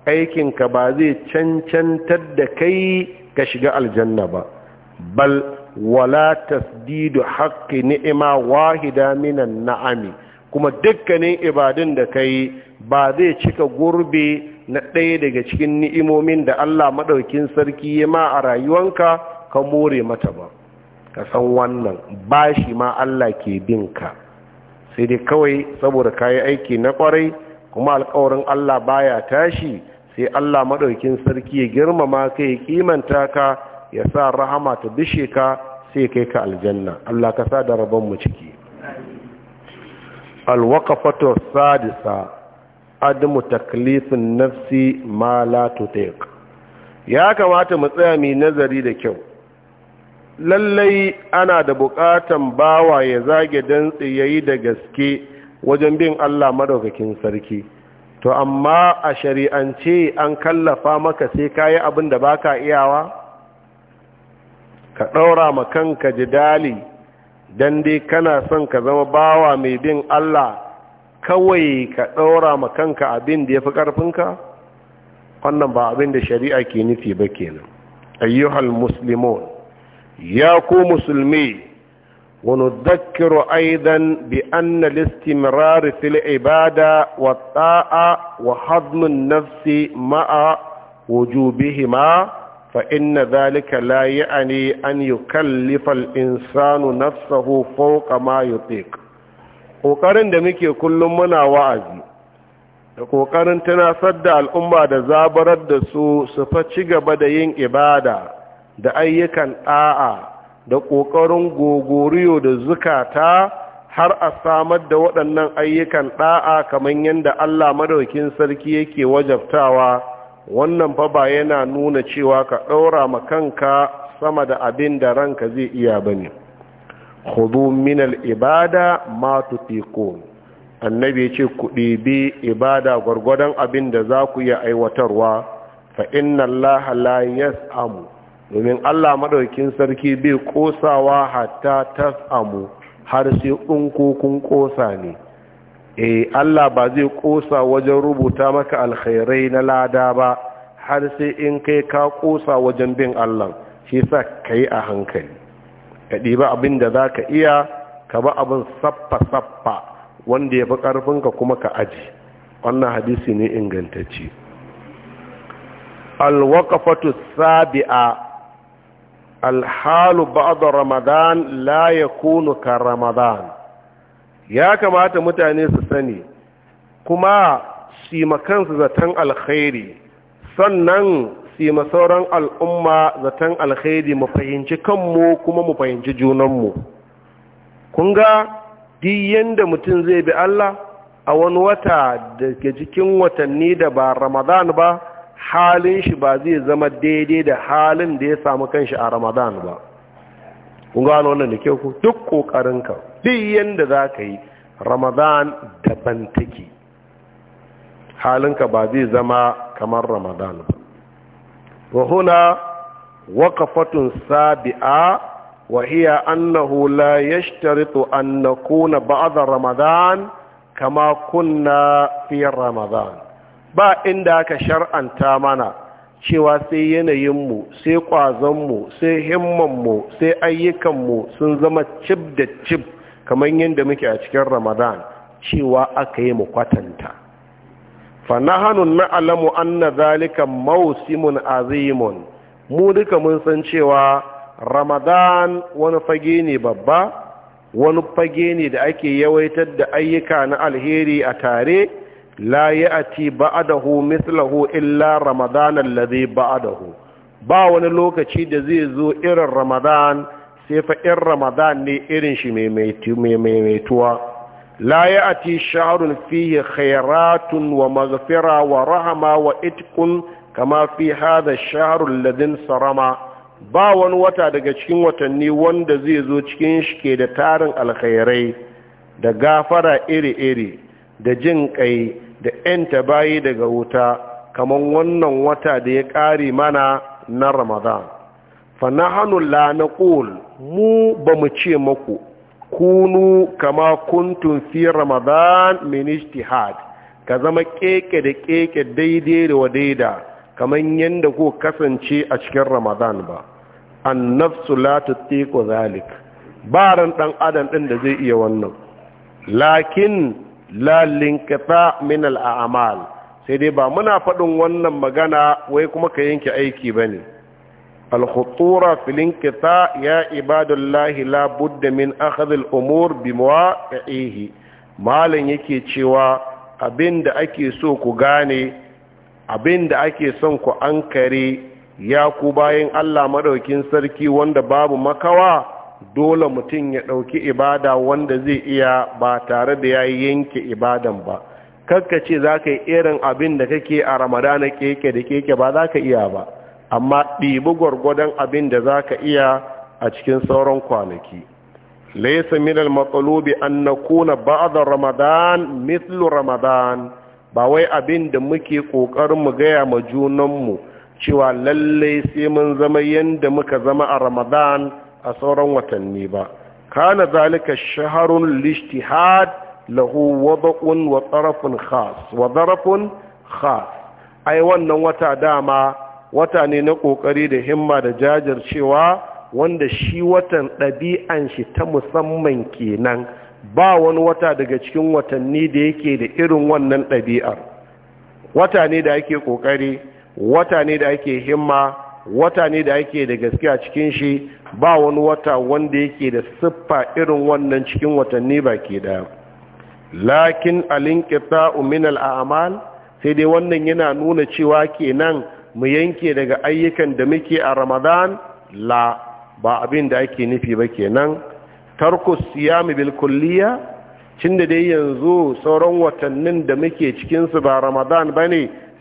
أيكنك بازي چن چنچن تدكي كشغ الجنة با بل ولا تسديد حق نعمة واحدة من النعم كما دكني ibadun دكي بازي چك غربي na ɗaya daga cikin ni'imomin da Allah maɗaukin sarki ya ma a rayuwanka ka more mata ba ka san wannan ba shi ma Allah ke bin ka sai dai kawai saboda kayi aiki na kwarai kuma alƙawarin Allah baya tashi sai Allah maɗaukin sarki ya girmama ka ya kimanta ka ya sa rahama ta bishe ka sai kai ka aljanna Allah ka sa da rabon mu ciki alwaqafatu sadisa adamu taklifin nafsi ma la ya kamata mu tsaya mai nazari da kyau lallai ana da buƙatan bawa ya zage dantse yayi da gaske wajen bin Allah madaukakin sarki to amma a shari'ance an kallafa maka sai kayi abin da baka iyawa ka ɗaura ma kanka jidali dan dai kana son ka zama bawa mai bin Allah kawai ka ɗora makanka abin da ya fi ƙarfinka wannan ba abin da shari'a ke nufi ba kenan ayyuhal muslimon ya ku musulmi wani zakiro aidan bi anna listimirari fil ibada wa ta'a wa hadmin nafsi ma'a wujubihi ma fa inna zalika la ya'ani an yukallifa al-insanu nafsahu fawqa ma yutiq ƙoƙarin da muke kullum muna wa'azi da ƙoƙarin tunasar da al'umma da zabarar da su su fa ci gaba da yin ibada da ayyukan ɗa'a da ƙoƙarin gogoriyo da zukata har a samar da waɗannan ayyukan ɗa'a kamar yadda Allah madaukin sarki yake wajabtawa wannan fa ba yana nuna cewa ka ɗaura ma kanka sama da abin da ranka zai iya bane. ne khudu min al-ibada ma tutiqun annabi yace ku bi ibada gwargwadon abin da za ku iya aiwatarwa fa inna Allah la yas'amu domin Allah madaukin sarki bai kosawa hatta tas'amu har sai in kun kosa ne eh Allah ba zai kosa wajen rubuta maka alkhairai na lada ba har sai in kai ka kosa wajen bin Allah shi yasa kai a hankali ka ɗiba abin da za ka iya ka ba abin saffa-saffa wanda ya fi ƙarfinka kuma ka aji wannan hadisi ne ingantacci alwakafatu sabi'a alhalu ba'da ramadan la ya kunu ka ramadan ya kamata mutane su sani kuma makansu zaton alkhairi sannan su ma sauran al'umma zaton alkhairi mu fahimci kanmu kuma mu fahimci junanmu kun ga duk mutum zai bi Allah a wani wata daga cikin watanni da ba ramadan ba halin shi ba zai zama daidai da halin da ya samu kanshi a ramadan ba kun gano wannan da kyau ku duk kokarinka duk yanda za ka yi ramadan daban take halinka ba zai zama kamar ramadan ba Ruhuna huna waqafatun sabi'a wa hiya annahu la yashtaritu an nakuna ba'da ramadan kama kunna fi ramadan ba inda aka shar'anta mana cewa sai yanayinmu sai ƙwazonmu sai himmanmu sai ayyukanmu sun zama cib da cib kamar yadda muke a cikin ramadan cewa aka yi mu kwatanta fa na an anna zalika mausimun azimun mu duka mun san cewa ramadan wani fage ne babba wani fage ne da ake yawaitar da ayyuka na alheri a tare la yi a ti ba'adahu mislahu illa ramadan alladhi ba'adahu. ba wani lokaci da zai zo irin ramadan sai fa’in ramadan ne irin shi mai mai tuwa la ya'ti shahrun fihi wa maghfira wa rahma wa itqun kama fi hadha ash-shahr sarama ba wani wata daga cikin watanni wanda zai zo cikin shi ke da tarin alkhairai da gafara iri-iri da jin ƙai da yanta bayi daga wuta kaman wannan wata da ya ƙare mana na ramadan fa nahnu la naqul mu bamu ce maku kunu kama kuntun fi ramadan min ijtihad ka zama keke da keke daidai da wadaida kaman yanda ko kasance a cikin ramadan ba an nafsu la tutiqu zalik ran dan adam din da zai iya wannan lakin la linkata min al a'mal sai dai ba muna faɗin wannan magana wai kuma ka yanke aiki bane الخطورة في الانقطاع يا عباد الله لا بد من أخذ الأمور بمواقعه malam yake cewa abin da ake so ku gane abin da ake son ku ankare ya ku bayan Allah maɗaukin sarki wanda babu makawa dole mutum ya ɗauki ibada wanda zai iya ba tare da ya yanke ibadan ba kakka ce za ka yi irin abin da kake a ramadana keke da keke ba za ka iya ba amma ɗibi gwargwadon abin da za ka iya a cikin sauran kwanaki laisa al matsalobi an na kuna ba'adar ramadan mislu ramadan ba wai abin da muke ƙoƙarin mu gaya ma junanmu cewa lallai sai mun zama yadda muka zama a ramadan a sauran watanni ba kana zalika shaharun lishtihad lahu wada'un wa tsarafin khas wa zarafin khas ai wannan wata dama wata ne na ƙoƙari da himma da jajircewa wanda shi watan ɗabi'an shi ta musamman kenan ba wani wata daga cikin watanni da yake da irin wannan ɗabi'ar wata ne da ake ƙoƙari wata ne da ake himma wata ne da ake da gaske a cikin shi ba wani wata wanda yake da siffa irin wannan cikin watanni ba ke da lakin alinkita uminal al'amal sai dai wannan yana nuna cewa kenan mu yanke daga ayyukan da muke a ramadan la ba abin da ake nufi ba kenan tarkus ya bil kulliya cin dai yanzu sauran watannin da muke cikinsu ba ramadan ba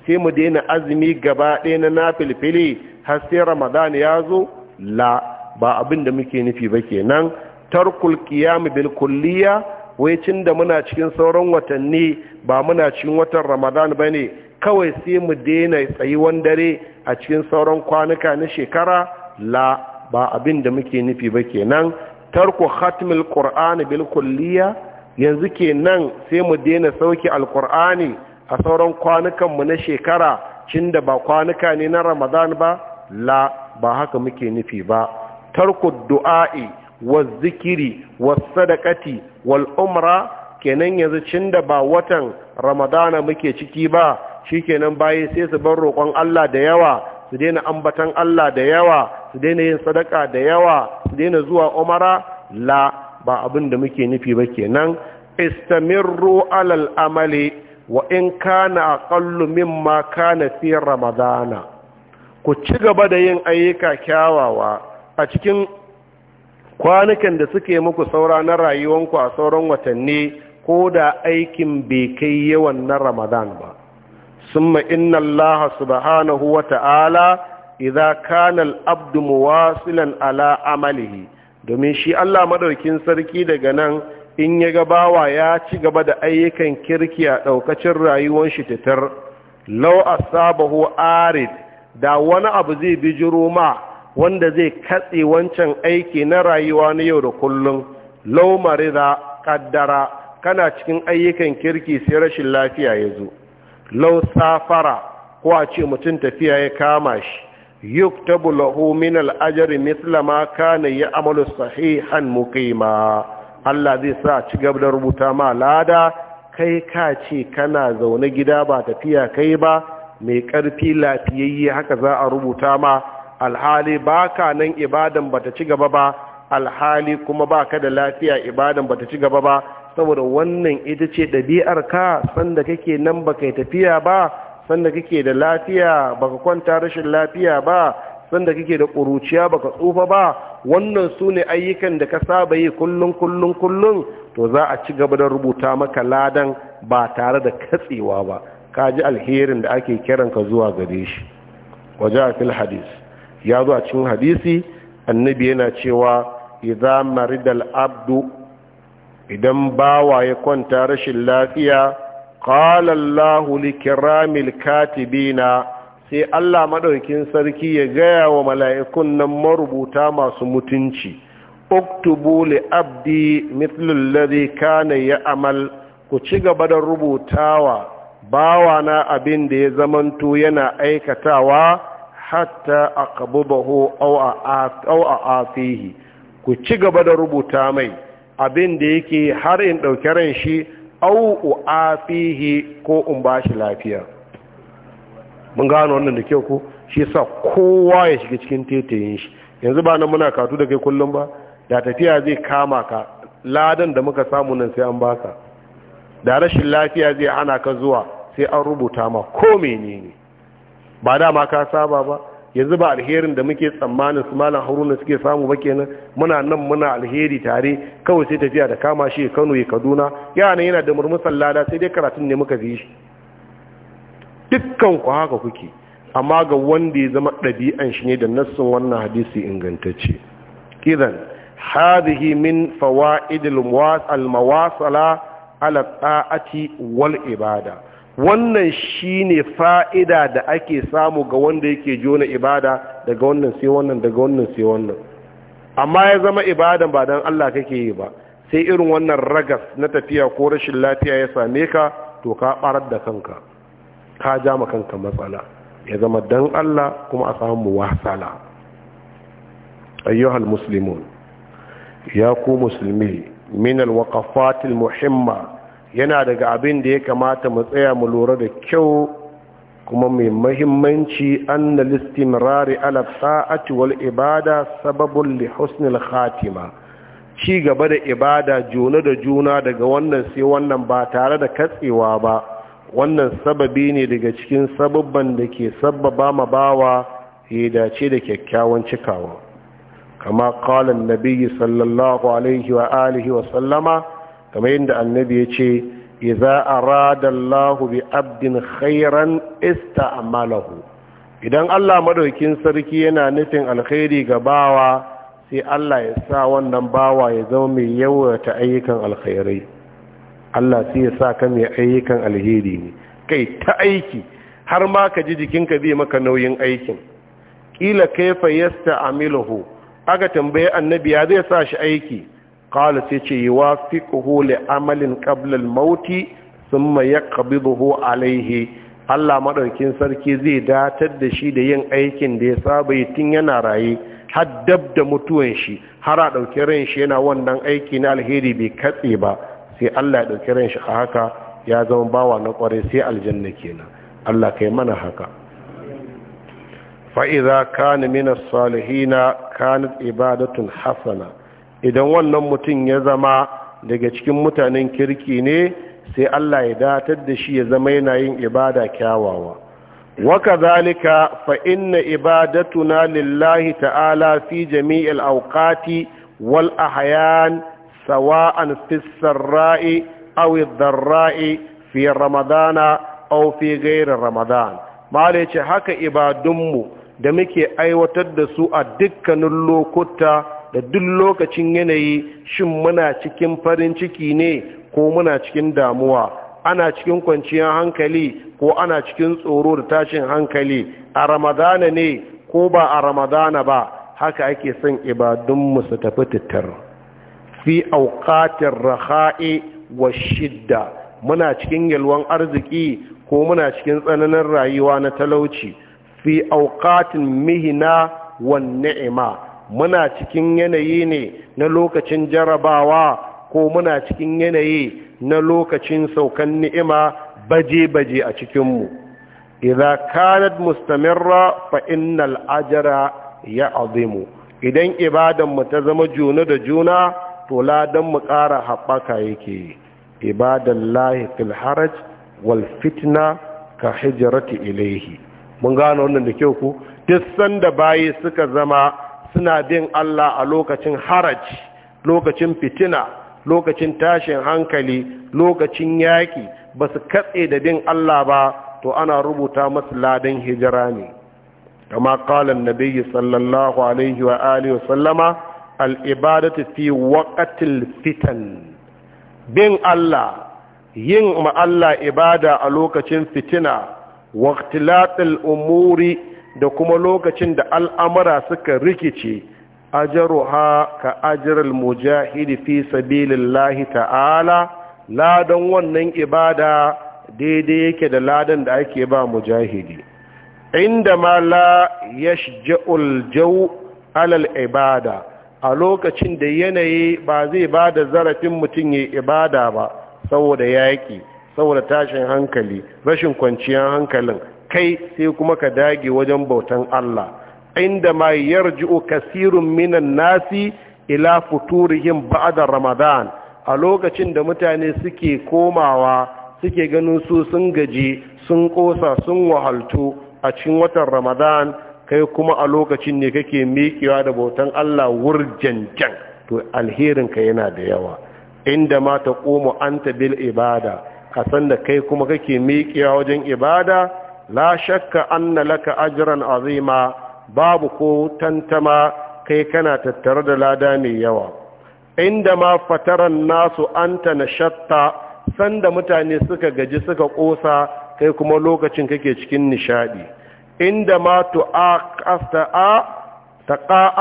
sai mu daina azumi gaba ɗaya na nafilfili har sai ramadan ya zo la ba abin da muke nufi ba kenan tarkul qiyam bil kulliya wai cin da muna cikin sauran watanni ba muna cikin watan ramadan bane kawai sai mu daina tsayuwan dare a cikin sauran kwanuka na shekara la ba abin da muke nufi ba kenan tarku khatmil qur'ani bil kulliya yanzu kenan sai mu daina sauki alqur'ani a sauran kwanukan mu na shekara cin da ba kwanuka ne na ramadan ba la ba haka muke nufi ba tarku du'a'i wa zikiri wa sadaqati wal umra kenan yanzu cin da ba watan ramadana muke ciki ba shikenan bayi sai su bar roƙon Allah da yawa su daina ambatan Allah da yawa su daina yin sadaka da yawa su daina zuwa umara la ba abin da muke nufi ba kenan istamirru alal amali wa in kana aqallu mimma kana fi ramadana ku ci gaba da yin ayyuka kyawawa a cikin kwanukan da suke muku saura na rayuwanku a sauran watanni ko da aikin bai kai yawan na ramadan ba ثم إن الله سبحانه وتعالى إذا كان الأبد مواصلا على عمله domin shi Allah madaukin sarki daga nan in ya bawa ya ci gaba da ayyukan kirki a daukacin rayuwar shi titar law asabahu arid da wani abu zai bijiro ma wanda zai katse wancan aiki na rayuwa na yau da kullum law marida kaddara kana cikin ayyukan kirki sai rashin lafiya ya zo law safara ko a ce mutum tafiya ya kama shi yuktabu lahu min al mislama mithla ya amalu sahihan muqima Allah zai sa ci gaba da rubuta ma lada kai ka ce kana zaune gida ba tafiya kai ba mai karfi lafiyayye haka za a rubuta ma alhali baka nan ibadan bata ci gaba ba alhali kuma baka da lafiya ibadan bata ci gaba ba saboda wannan ita ce ɗabi'ar ka sanda kake nan baka yi tafiya ba sanda kake da lafiya baka kwanta rashin lafiya ba sanda kake da ƙuruciya baka tsufa ba wannan su ne ayyukan da ka saba yi kullum kullum kullum to za a ci gaba da rubuta maka ladan ba tare da katsewa ba ka ji alherin da ake kiranka zuwa gare shi waje fil hadis ya zo a cikin hadisi annabi yana cewa idza maridal abdu idan bawa ya kwanta rashin lafiya qala Allahu likiramil katibina sai Allah maɗaukin sarki ya gaya wa mala'ikun nan marubuta masu mutunci uktubu li abdi mithlu alladhi kana ya'mal ku ci gaba da rubutawa bawa na abin da ya zamanto yana aikatawa hatta au aw a'afihi ku ci gaba da rubuta mai abin da yake har in ɗauki ran shi au u'afihi ko in ba shi lafiya mun gano wannan da kyau ko shi sa kowa ya shiga cikin tetayin shi yanzu ba nan muna katu da kai kullum ba da tafiya zai kama ka ladan da muka samu nan sai an baka da rashin lafiya zai hana ka zuwa sai an rubuta ma ko menene ba dama ka saba ba Ya zuba alherin da muke tsammanin su malam haruna suke samu ba kenan muna nan muna alheri tare kawai sai tafiya da kama shi kano ya kaduna yana yana da murmusan lada sai dai karatun ne muka bi shi dukkan ku haka kuke amma ga wanda ya zama ɗabi'an shi ne da nassin wannan hadisi ingantacce kidan hadhihi min fawaidil mawasala ala ta'ati wal ibada wannan shine fa'ida da ake samu ga wanda yake jona ibada daga wannan sai wannan daga wannan sai wannan amma ya zama ibada ba dan Allah kake yi ba sai irin wannan ragas na tafiya ko rashin lafiya ya same ka to ka barar da kanka ka ja ma kanka matsala ya zama dan Allah kuma a samu wasala ayyuhal muslimun ya ku musulmi min alwaqafat muhimma. yana daga abin da ya kamata mu tsaya mu lura da kyau kuma mai mahimmanci anna rari ala sa'ati wal ibada sababun li husnil khatima ci gaba da ibada juna da juna daga wannan sai wannan ba tare da katsewa ba wannan sababi ne daga cikin sababban da ke sababa ma bawa ya dace da kyakkyawan cikawa kama qala an-nabi sallallahu alaihi wa alihi wa sallama kamar yadda annabi ya ce iza arada bi abdin khairan ista'malahu idan Allah madaukin sarki yana nufin alkhairi ga bawa sai Allah ya sa wannan bawa ya zama mai yawata ayyukan alkhairai Allah sai ya sa ka mai ayyukan alheri ne kai ta aiki har ma ka ji jikinka zai maka nauyin aikin kila kaifa yasta'miluhu aka tambaye annabi ya zai sa shi aiki qala sai ce yuwafiquhu li amalin qabla al-mauti thumma yaqbiduhu alayhi Allah maɗaukin sarki zai datar da shi da yin aikin da ya saba yi tun yana raye har dab da mutuwan shi har a ɗauki ran shi yana wannan aiki na alheri bai katse ba sai Allah ya ɗauki ran shi a haka ya zama bawa na ƙware sai aljanna kenan Allah kai mana haka fa'iza kana minas salihina kanat ibadatun hasana idan wannan mutum ya zama daga cikin mutanen kirki ne sai Allah ya datar da shi ya zama yana yin ibada kyawawa waka zalika fa inna ibadatuna lillahi ta'ala fi jami'il awqati wal ahyan sawa'an fi sarra'i aw ad-dharra'i fi ramadana aw fi ghayri ramadan mala ce haka ibadunmu da muke aiwatar da su a dukkanin lokuta da duk lokacin yanayi shin muna cikin farin ciki ne ko muna cikin damuwa ana cikin kwanciyar hankali ko ana cikin tsoro da tashin hankali a ramadana ne ko ba a ramadana ba haka ake son ibadunmu su tafi titar fi auƙatin raha'i wa shidda muna cikin yalwan arziki ko muna cikin tsananin rayuwa na talauci fi auƙatin mihina wa ni'ima muna cikin yanayi ne na lokacin jarabawa ko muna cikin yanayi na lokacin saukan ni'ima baje-baje a cikinmu idza kanat mustamirra fa innal ajra ya'zimu idan ibadan mu ta zama juna da juna to ladan mu ƙara haɓaka yake ibadallahi fil haraj wal fitna ka hijrati ilayhi mun gano wannan da kyau ku duk sanda bayi suka zama suna bin Allah a lokacin haraj lokacin fitina lokacin tashin hankali lokacin yaƙi ba su katse da bin Allah ba to ana rubuta masu ladan hijira ne kama na biyu sallallahu alaihi wa alihi sallama al'ibadatu fi waqatil fitan bin Allah yin ma Allah ibada a lokacin fitina waqtilatil umuri da kuma lokacin da al'amura suka rikice ha ka ajiyar mujahidi fi sabilillahi ta'ala ladan wannan ibada daidai yake da ladan da ake ba mujahidi inda ma la yashja'ul jau alal ibada a lokacin da yanayi ba zai ba da zarafin mutum ya ibada ba saboda yaƙi saboda tashin hankali rashin kwanciyar hankalin kai sai kuma ka dage wajen bautan Allah inda ma yarji'u kasirun minan nasi ila futurihim ba'da ramadan a lokacin da mutane suke komawa suke ganin su sun gaji sun kosa sun wahaltu a cikin watan ramadan kai kuma a lokacin ne kake miƙewa da bautan Allah wurjanjan to alherin ka yana da yawa inda ma ta komo anta bil ibada a san da kai kuma kake miƙewa wajen ibada la shakka anna laka ajran azima babu ko tantama kai kana tattare da lada mai yawa inda ma fataran nasu anta nashatta sanda mutane suka gaji suka kosa kai kuma lokacin kake cikin nishadi inda ma tu'aqasta a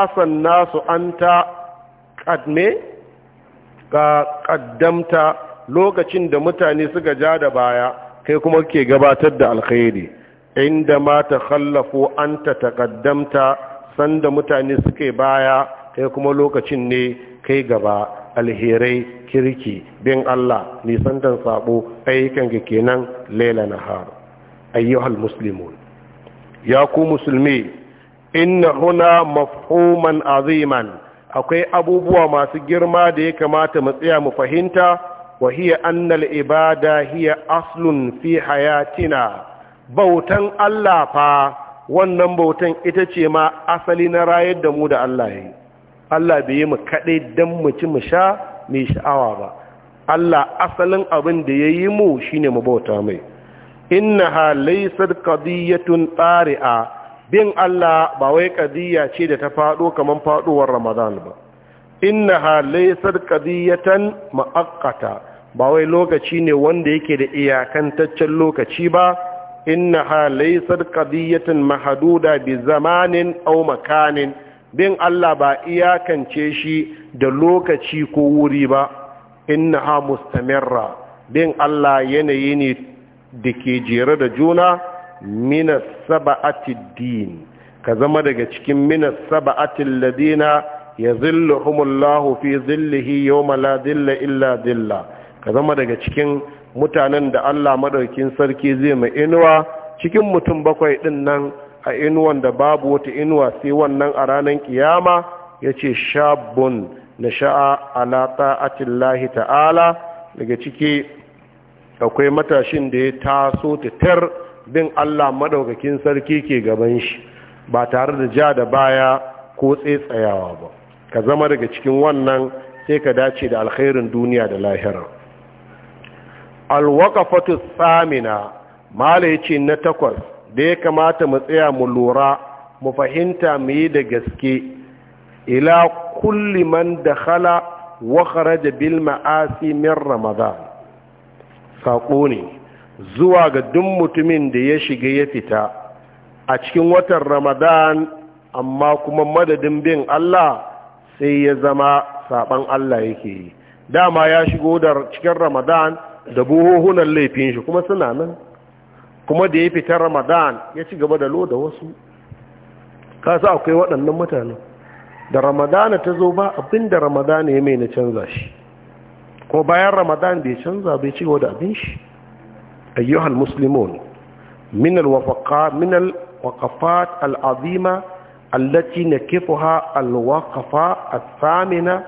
asan nasu anta qadme ka qaddamta lokacin da mutane suka ja da baya kai kuma ke gabatar da alkhairi inda ma ta khallafo an ta taƙaddamta sanda mutane suke baya kai kuma lokacin ne kai gaba alherai kirki bin Allah dan sabo ayyukan ga kenan laila nahar ayyuhal muslimun ya ku musulmi inna huna mafhuman aziman akwai abubuwa masu girma da ya kamata mu tsaya mu fahimta wa hiya annal ibada hiya aslun fi hayatina bautan Allah fa wannan bautan ita ce ma asali na rayar da mu da Allah yi Allah bai yi mu kaɗai don mu ci mu sha mai sha'awa ba Allah asalin abin da ya yi mu shine mu bauta mai Inna ha laisar kadiyyatun tsari'a bin Allah ba wai kadiyya ce da ta faɗo kamar faɗuwar Ramadan ba Inna ha laisar kadiyyatan ma'akata ba wai lokaci ne wanda yake da iyakantaccen lokaci ba innaha laysat qadiyatan mahduda bi zamanin aw makanin bin Allah ba iyakance shi da lokaci ko wuri ba innaha mustamirra bin Allah yanayi ne da ke jere da juna minas saba'ati din ka zama daga cikin minas saba'ati ladina ya zilluhumullahu fi zillihi yawma la illa zilla ka zama daga cikin mutanen da Allah madaukin sarki zai mai inuwa cikin mutum bakwai din nan a inuwan da babu wata inuwa sai wannan a ranar kiyama yace shabun nasha'a ala lahi ta'ala daga ciki akwai matashin da ya taso titar bin Allah madaukakin sarki ke gaban shi ba tare da ja da baya ko tsayawa ba ka zama daga cikin wannan sai ka dace da alkhairin duniya da lahirar alwakafatu Samina, mala yace na takwas da ya kamata mu tsaya mu lura mu fahimta mu yi da gaske ila kulli man dakhala wa kharaja bil ma'asi min ramadan Saƙo ne zuwa ga duk mutumin da ya shiga ya fita a cikin watan ramadan amma kuma madadin bin Allah sai ya zama saban Allah yake yi. dama ya shigo da cikin ramadan da buhuhunan laifin shi kuma suna nan kuma da ya fita ramadan ya ci gaba da loda wasu kasa akwai waɗannan mutane da ramadana ta zo ba abin da ramadana ya mai na canza shi ko bayan ramadan bai canza bai ci gaba da abin shi ayyuhal muslimun Minal alwafaqa min alwaqafat alazima allati nakifuha alwakafa, asamina,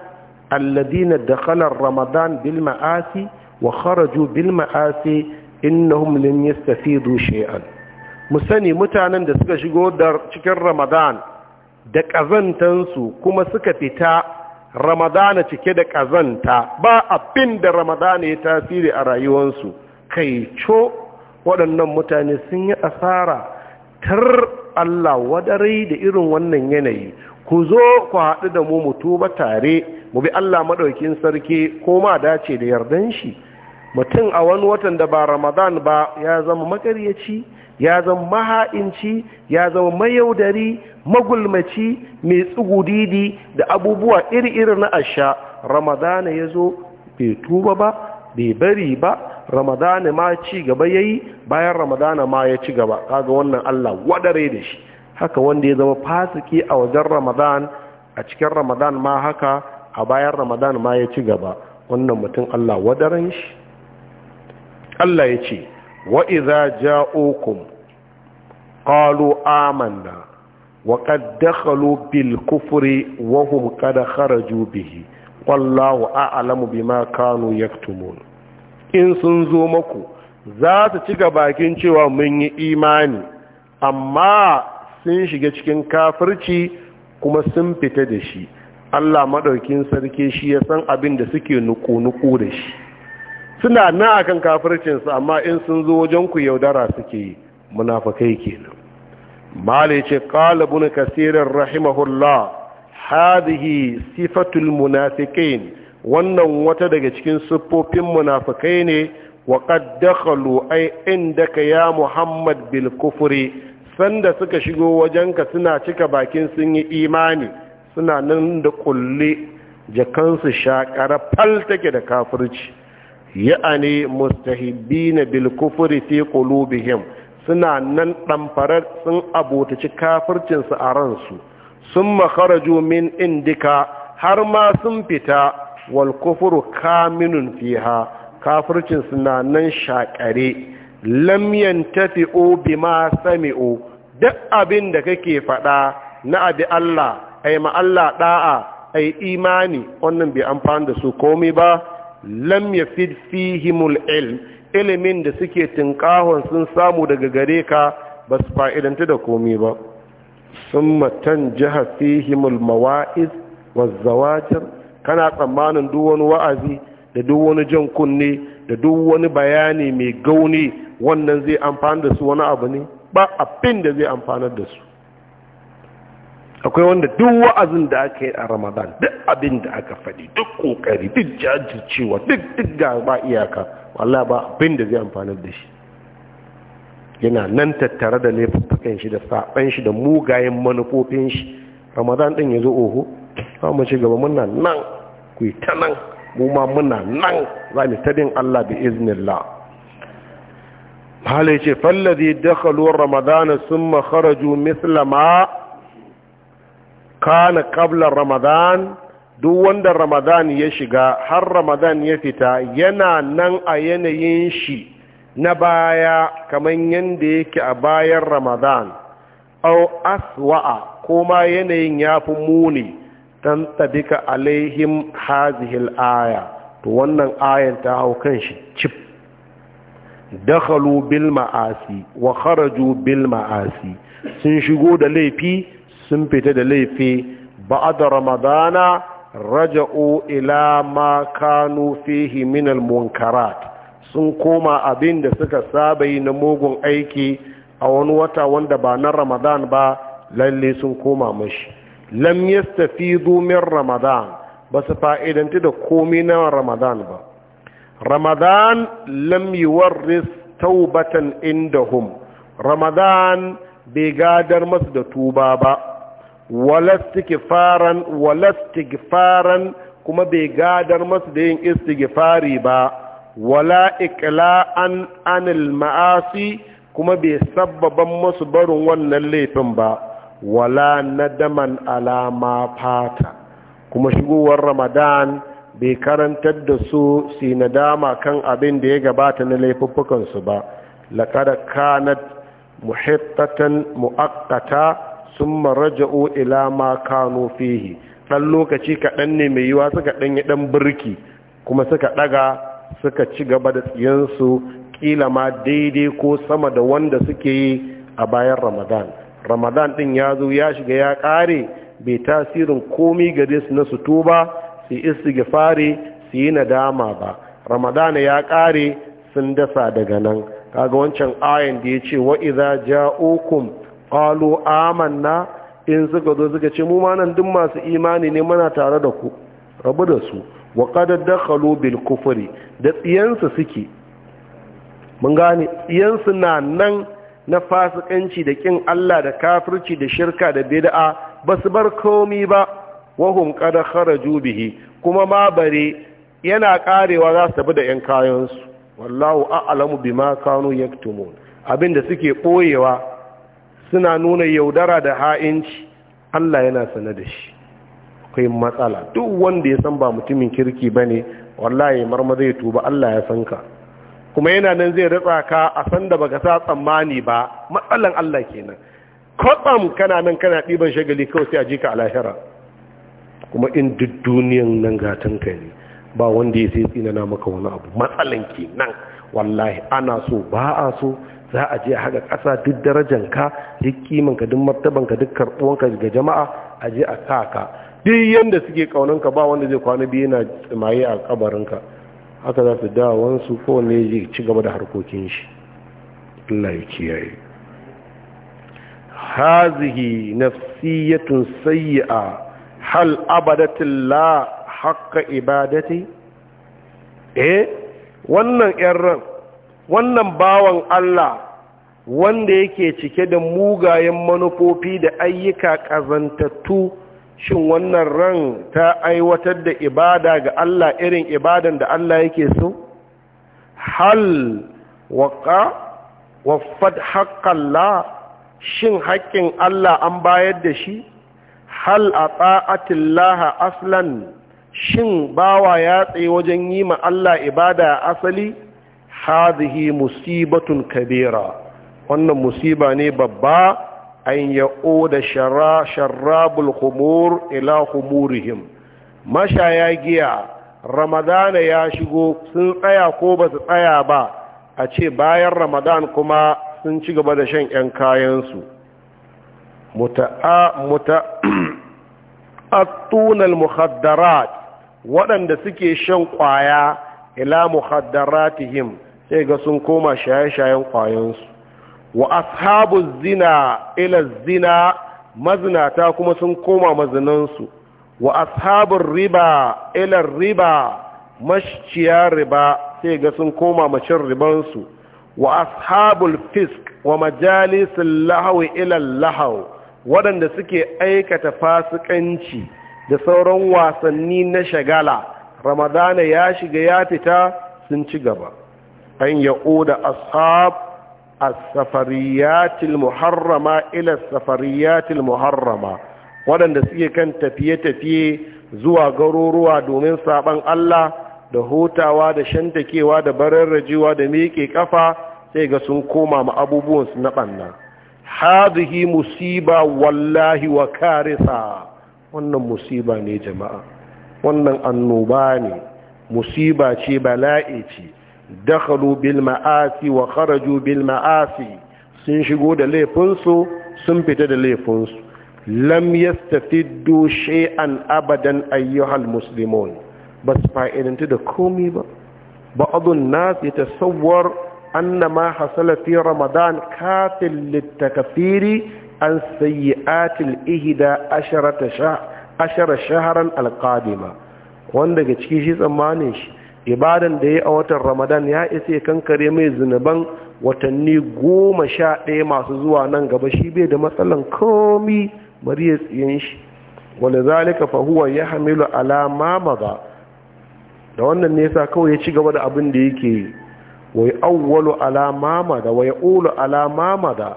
alladhina dakhala ramadan bil ma'asi wa kharaju bil ma'asi innahum lam yastafidu shay'an mu sani mutanen da suka shigo da cikin ramadan da su kuma suka fita ramadan cike da kazanta ba abin da ramadana ya tasiri a rayuwarsu kai co waɗannan mutane sun yi asara tar Allah wadarai da irin wannan yanayi ku zo ku haɗu da mu mu tuba tare mu bi Allah maɗaukin sarki ko ma dace da yardan shi mutum a wani watan da ba ramadan ba ya zama makaryaci ya zama maha'inci ya zama mayaudari magulmaci mai tsugudidi da abubuwa iri-iri na asha ramadana ya zo bai tuba ba bai bari ba ramadana ma ci gaba ya yi bayan ramadan ma ya ci gaba kaga wannan allah wadare da shi haka wanda ya zama fasiki a wajen ramadan a cikin ramadan ma haka a bayan ramadan ma ya ci gaba wannan mutum allah wadaren shi Allah ya ce wa iza ja'ukum qalu amanna wa qad dakhalu bil kufri wa hum qad kharaju bihi wallahu a'lamu bima kanu yaktumun in sun zo muku za su ci bakin cewa mun yi imani amma sun shiga cikin kafirci kuma sun fita da shi Allah madaukin sarki shi ya san abin da suke nuku-nuku da shi suna na akan kafircinsu amma in sun zo wajen ku yaudara suke yi munafakai kenan mali ce qala ibn rahimahullah hadihi sifatul munafiqin wannan wata daga cikin siffofin munafikai ne wa kaddakalu ai inda ka ya muhammad bil kufuri sanda suka shigo wajenka suna cika bakin sun yi imani suna nan da kulle jakansu shakara fal take da kafirci ya'ani mustahibbina bil kufri fi qulubihim suna nan ɗamfarar sun abotaci kafircinsu a ransu sun makaraju min indika har ma sun fita wal kufuru kaminun fiha kafircin suna nan shaƙare lamyan tafi o bi ma sami'o duk abin da kake faɗa na abi Allah ai ma Allah ɗa'a ai imani wannan bai amfani da su komai ba lam fi fihimul ilm ilimin da suke tinkahon sun samu daga gare ka ba su fa'idanta da komi ba sun matan jiha fihimul mawa'iz wazzawajar kana tsammanin duk wani wa'azi da duk wani jan kunne da duk wani bayani mai gauni wannan zai amfani da su wani abu ne ba abin da zai amfanar da su akwai wanda duk wa'azin da aka yi a ramadan duk abin da aka faɗi duk ƙoƙari duk jajircewa duk duk ga ba iyaka wallah ba abin da zai amfanar da shi yana nan tattare da laifukan shi da saɓan shi da mugayen manufofin shi ramadan ɗin ya zo oho za mu ci gaba muna nan ku yi ta nan mu ma muna nan za mu ta allah bi iznillah malai ce fallazi dakhalu ramadana summa kharaju mithla ma kana kabla ramadan duk wanda ramadan ya shiga har ramadan ya fita yana nan a yanayin shi na baya kamar yanda yake a bayan ramadan au aswa'a ko ma yanayin ya fi muni dan tabika alaihim hazihil aya to wannan ayan ta hau kan shi cif dakhalu bil ma'asi wa kharaju bil ma'asi sun shigo da laifi sun fita da laifi da ramadana raja'u ila ma kanu fihi min al-munkarat sun koma abin da suka saba yi na mugun aiki a wani wata wanda ba na ramadan ba lalle sun koma mashi lam yastafidu min ramadan ba su fa'idanti da komai na ramadan ba ramadan lam yuwarris taubatan hum. ramadan bai gadar masu da tuba ba walastighfaran walastighfaran kuma bai gadar masu da yin istigfari ba wala iqla'an anil ma'asi kuma bai sabbaban masu barin wannan laifin ba wala nadaman alama fata kuma shigowar ramadan bai karantar da su su nadama kan abin da ya gabata na laifuffukansu ba laƙada kanat muhittatan mu'akkata sun maraja'o ila ma kano fihi ɗan lokaci kaɗan ne mai yiwa suka ɗanyi ɗan birki kuma suka ɗaga suka ci gaba da tsiyansu ƙila ma daidai ko sama da wanda suke yi a bayan ramadan ramadan ɗin ya zo ya shiga ya ƙare bai tasirin komai gare su na su yi su istighfari su yi nadama ba ramadan ya ƙare sun dasa daga nan kaga wancan ayan da ya ce wa iza ja'ukum qalu amanna in suka zo suka ce mu ma nan duk masu imani ne muna tare da ku rabu da su wa qad dakhalu bil kufri da tsiyansu suke mun gane tsiyansu na nan na fasikanci da kin Allah da kafirci da shirka da bid'a Ba su bar komi ba hum qad kharaju bihi kuma ma bare yana karewa za su tafi da yan kayansu wallahu a'lamu bima kanu yaktumun abinda suke boyewa suna nuna yaudara da ha'inci Allah yana sane da shi akwai matsala duk wanda ya san ba mutumin kirki ba ne wallahi marma zai tuba Allah ya san ka kuma yana nan zai ratsa ka a san da baka sa tsammani ba matsalan Allah kenan kwatsam kana nan kana ɗiban shagali kawai sai a ji ka a lahira kuma in duk duniyan nan gatan ka ne ba wanda ya sai tsinana maka wani abu matsalan kenan wallahi ana so ba a so za a je a haka ƙasa duk darajanka duk kimanka duk martabanka duk karɓuwanka ga jama'a a je a sa ka duk yadda suke ƙaunanka ba wanda zai kwana biyu yana tsimaye a kabarinka haka za su dawansu ne ya ci gaba da harkokin shi Allah ya kiyaye hazihi nafsiyatun sayyi'a hal abadatin la ibadati eh wannan yan ran wannan bawan Allah wanda yake cike da mugayen manufofi da ayyuka ƙazantattu shin wannan ran ta aiwatar da ibada ga Allah irin ibadan da Allah yake so hal waqa waffad haqqalla shin haƙƙin Allah an bayar da shi hal ata'atillaha aslan shin bawa ya tsaye wajen yi ma Allah ibada asali hadhihi musibatun kabira wannan musiba ne babba an ya'o da sharabul khumur ila masha mashaya giya ramadana ya shigo sun tsaya ko ba su tsaya ba a ce bayan ramadan kuma sun ci gaba da shan 'yan kayansu muta'attunal muhaddarat waɗanda suke shan ƙwaya ila muhaddaratihim sai ga sun koma shaye-shayen kwayansu wa ashabu zina ila zina mazinata kuma sun koma mazinansu wa ashabu riba ila riba masciya riba sai ga sun koma macin ribansu wa ashabul fisk wa majalisun lahawi ila lahau waɗanda suke aikata fasikanci da sauran wasanni na shagala ramadana ya shiga ya fita sun ci gaba an ya'uda ashab a safariyatil muharrama ila safariyatil muharrama waɗanda suke kan tafiye-tafiye zuwa garuruwa domin saban Allah da hutawa da shantakewa da bararrajewa da miƙe ƙafa, sai ga sun koma ma abubuwansu na banna. hadhihi musiba wallahi wa karisa wannan musiba ne jama'a wannan annoba ne musiba ce bala'i ce dakhalu bil ma'asi wa kharaju bil ma'asi sun shigo da laifinsu sun fita da laifinsu lam yastafiddu shay'an abadan ayyuhal muslimun bas fa'idantu da komai ba ba'dun nas yatasawwar anna ma hasala fi ramadan katil litakfiri an sayyi'atil ihda ihida ashara ashara shahran alqadima wanda daga ciki shi tsammanin shi ibadan da ya a watan ramadan ya isa kankare mai zunuban watanni goma sha ɗaya masu zuwa nan gaba shi bai da matsalan komi bari ya tsiyan shi wani zalika fahuwa ya hamilu alama ba da wannan nesa kawai ya ci gaba da abin da yake yi wai auwalu alama da wai ulu alama ma da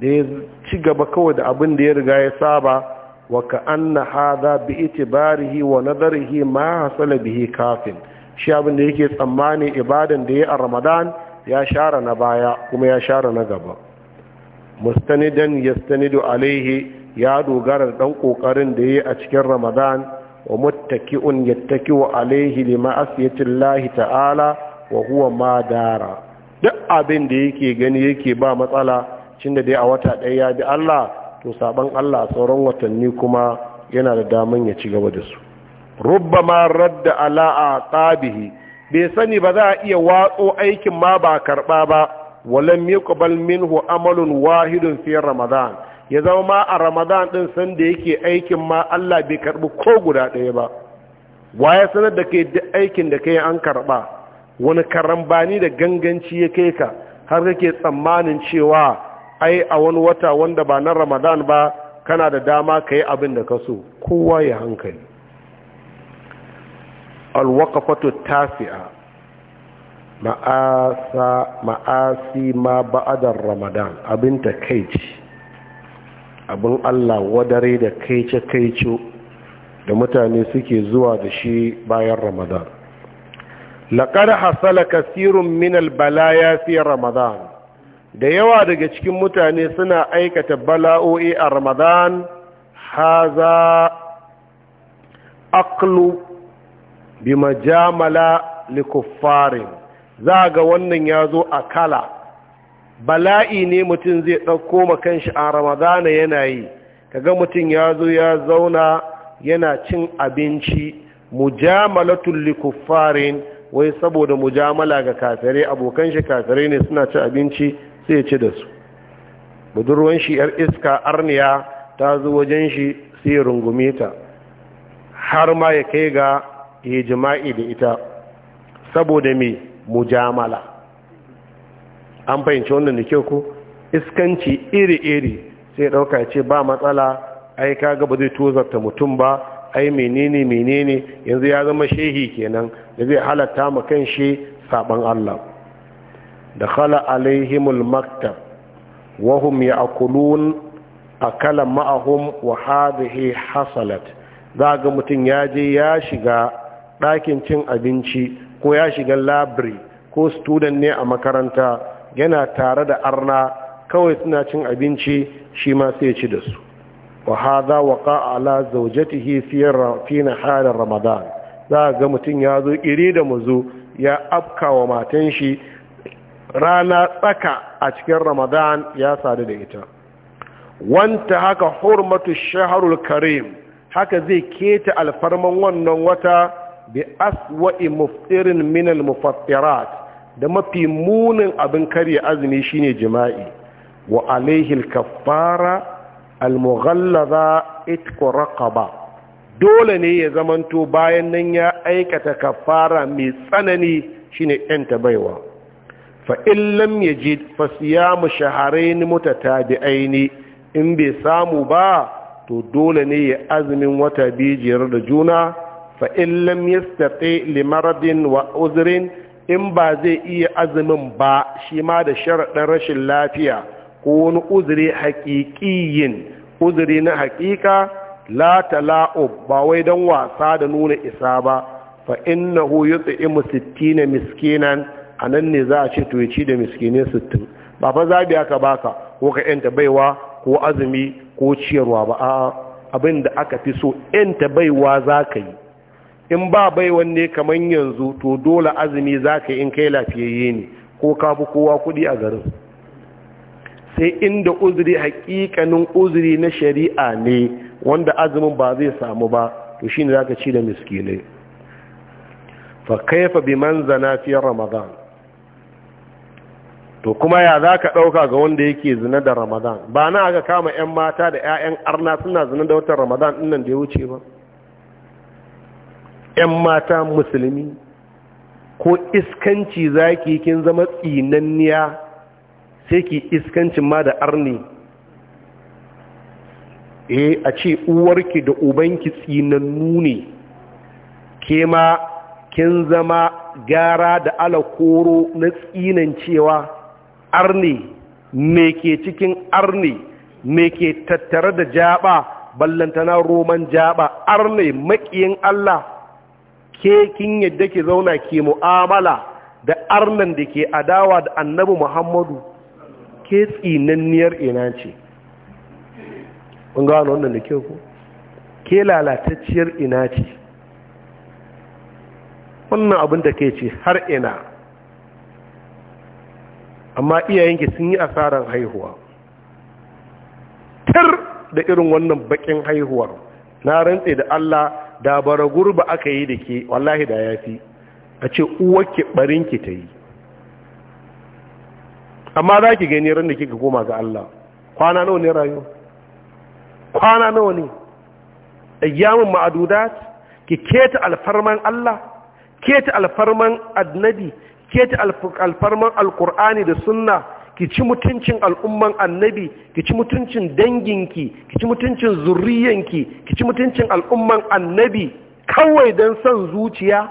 ya ci gaba kawai da abin da ya riga ya saba wa ka na haza bi itibarihi wa nazarihi ma hasala bihi kafin shi abin da yake tsammani ibadan da ya a ramadan ya share na baya kuma ya share na gaba mustanidan yastanidu alaihi ya dogara da dan kokarin da yi a cikin ramadan wa muttaki'un yattaki'u alaihi lima asiyatillahi ta'ala wa huwa ma dara duk abin da yake gani yake ba matsala cinda dai a wata ɗaya ya bi Allah to saban Allah sauran watanni kuma yana da daman ya ci gaba da su rubbama radda ala aqabihi bai sani ba za a iya watso aikin ma ba karba ba walam yuqbal minhu amalun wahidun fi ramadan ya zama ma a ramadan ɗin san da yake aikin ma Allah bai karbi ko guda ɗaya ba waye sanar da kai duk aikin da kai an karba wani karambani da ganganci ya kai ka har kake tsammanin cewa ai a wani wata wanda ba na ramadan ba kana da dama ka yi abin da ka so kowa ya hankali alwakafatu tafi'a ma'asi ma ba'adar ramadan abin ta kaici abin allah wadare da kaice-kaice da mutane suke zuwa da shi bayan ramadan laƙar hasala kasirun minal balaya fi ramadan da yawa daga cikin mutane suna aikata bala'o'i a ramadan haza aklu bi majamala likuffarin za ga wannan ya zo a kala bala'i ne mutum zai ɗauko kan shi a ramadana yana yi kaga mutum ya zo ya zauna yana cin abinci mujamalatul likuffarin wai saboda mujamala ga kafirai abokan shi kafirai ne suna ci abinci sai ya ci da su budurwan shi yar iska arniya ta zo wajen shi sai rungume ta har ma ya kai ga E jima'i da ita saboda mai mujamala an fahimci wannan da kyau ko iskanci iri-iri sai ɗauka ce ba matsala ai kaga ba zai tozarta mutum ba ai menene menene yanzu ya zama shehi kenan da zai halatta ma kan shi saban Allah da khala alaihimul maktab hum ya'kulun akala ma'ahum wa hadhihi hasalat za ga mutum ya je ya shiga ɗakin cin abinci ko ya shiga labiri ko student ne a makaranta yana tare da arna kawai suna cin abinci shi ma sai ci da su wa hadha waqa ala zawjatihi fi halin ramadan za ga mutum ya zo iri da muzo ya afka wa matan shi rana tsaka a cikin ramadan ya sadu da ita wanta haka hurmatu shaharul karim haka zai keta alfarman wannan wata bi aswa'i muftirin minal mufattirat da mafi munin abin karya azumi shine jima'i wa alaihi al-kaffara al-mughallaza itqu raqaba dole ne ya zamanto bayan nan ya aikata kaffara mai tsanani shine yanta baiwa fa in lam yajid fa siyamu shahrayn mutatabi'aini in bai samu ba to dole ne ya azumin wata biyu jiyar da juna fa in lam yastati li maradin wa uzrin in ba zai iya azumin ba shi ma da sharadin rashin lafiya ko wani uzuri haqiqiyin uzuri na haƙiƙa la tala'u ba wai don wasa da nuna isa ba fa innahu yut'imu 60 miskinan anan ne za a ce to yaci da miskine 60 ba fa zabi aka baka ko ka yanta baiwa ko azumi ko ciyarwa ba a abin da aka fi so yanta baiwa za ka yi in ba bai wanne kamar yanzu to dole azumi za ka in kai lafiyayye ne ko ka fi kowa kudi a garin sai inda uzuri hakikanin uzuri na shari'a ne wanda azumin ba zai samu ba to shi ne za ka ci da miskinai fa kaifa bi man zana fi ramadan to kuma ya za ka ɗauka ga wanda yake zina da ramadan ba na aka kama 'yan mata da 'ya'yan arna suna zina da watan ramadan ɗin da ya wuce ba 'yan mata musulmi ko iskanci zaki kin zama tsinanniya sai ki iskancin ma da arni eh a ce uwarki da ubanki tsinannu ne ke ma kin zama gara da alakoro na tsinancewa arne me ke cikin arne me ke tattare da jaba ballantana roman jaba arni makiyin Allah ke kin yadda ke zauna ke mu'amala da arnan da ke adawa da annabi muhammadu ke tsinanniyar ina ce ƙunga gano wannan da ke ku ke lalatacciyar ina ce wannan abin da ke ce har ina amma iyayenki sun yi asarar haihuwa tar da irin wannan bakin haihuwar na rantse da Allah da bara gurba aka yi da ke wallahi da ya fi a ce uwarki barinki ta yi amma za ki gani ran kika koma ga Allah kwana nawa ne rayu kwana nawa ne ayyamin ma'adudat ki keta alfarman Allah keta alfarman annabi keta alfarman alkur'ani da sunna ki ci mutuncin al'umman annabi ki ci mutuncin danginki ki ci mutuncin zurriyanki ki ci mutuncin al'umman annabi kawai don son zuciya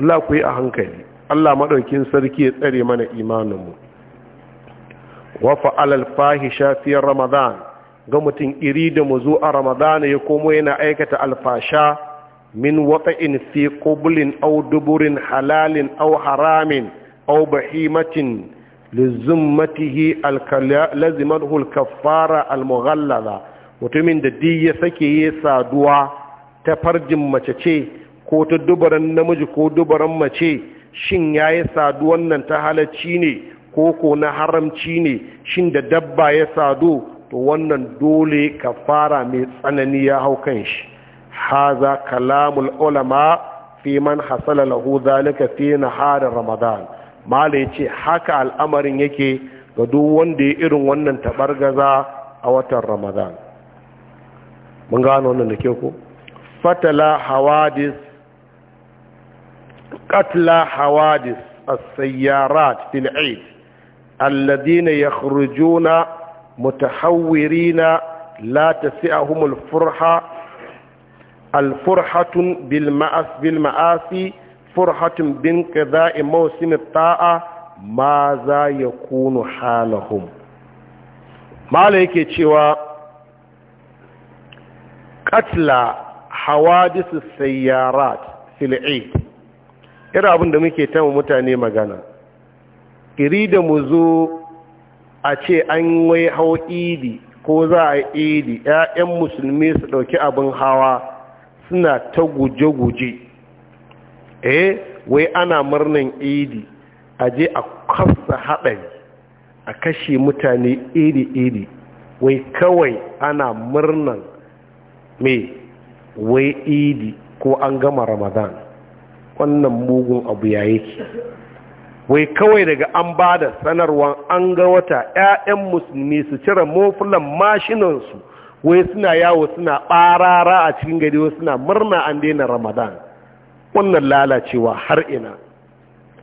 Allah ku yi a hankali Allah maɗaukin sarki ya tsare mana imaninmu wafa alal fahisha shafiyar ramadan ga mutum iri da mu zo a ramadan ya komo yana aikata alfasha min in fi qublin au duburin halalin au haramin aw bahimatin lizummatihi lazimathu al-kaffara al-mughallaza mutumin da di ya sake ya saduwa ta farjin mace ce ko ta dubaran namiji ko dubaran mace shin yayi saduwan nan ta halacci ne ko ko na haramci ne shin da dabba ya sadu to wannan dole kafara mai tsanani ya hau kan shi haza kalamul ulama fi man hasala lahu zalika fi nahar ramadan malai ya ce haka al'amarin yake ga duk wanda ya irin wannan taɓargaza a watan ramadan mun gano wannan da ke ku fatala hawadis katla hawadis as-sayyarat fil eid alladhina yakhrujuna mutahawwirina la tasi'ahum furha al-furhatun bil ma'as furhatun bin qida'i mawsim ta'a ma za ya yakunu halahun. mala yake cewa katla hawadis sayyarat fil eid irin abin da muke ta mutane magana iri da mu zo a ce an wai hau idi ko za a idi 'ya'yan musulmi su ɗauki abin hawa suna ta guje-guje eh wai ana murnan idi a je a kwafsa haɗari a kashe mutane iri-iri wai kawai ana murnan mai wai idi ko an gama ramadan wannan mugun abu ya yake wai kawai daga an ba da sanarwar an ga wata 'ya'yan musulmi su cire mofulan mashinansu wai suna yawo suna ɓarara a cikin gari suna murna an daina ramadan wannan lalacewa har ina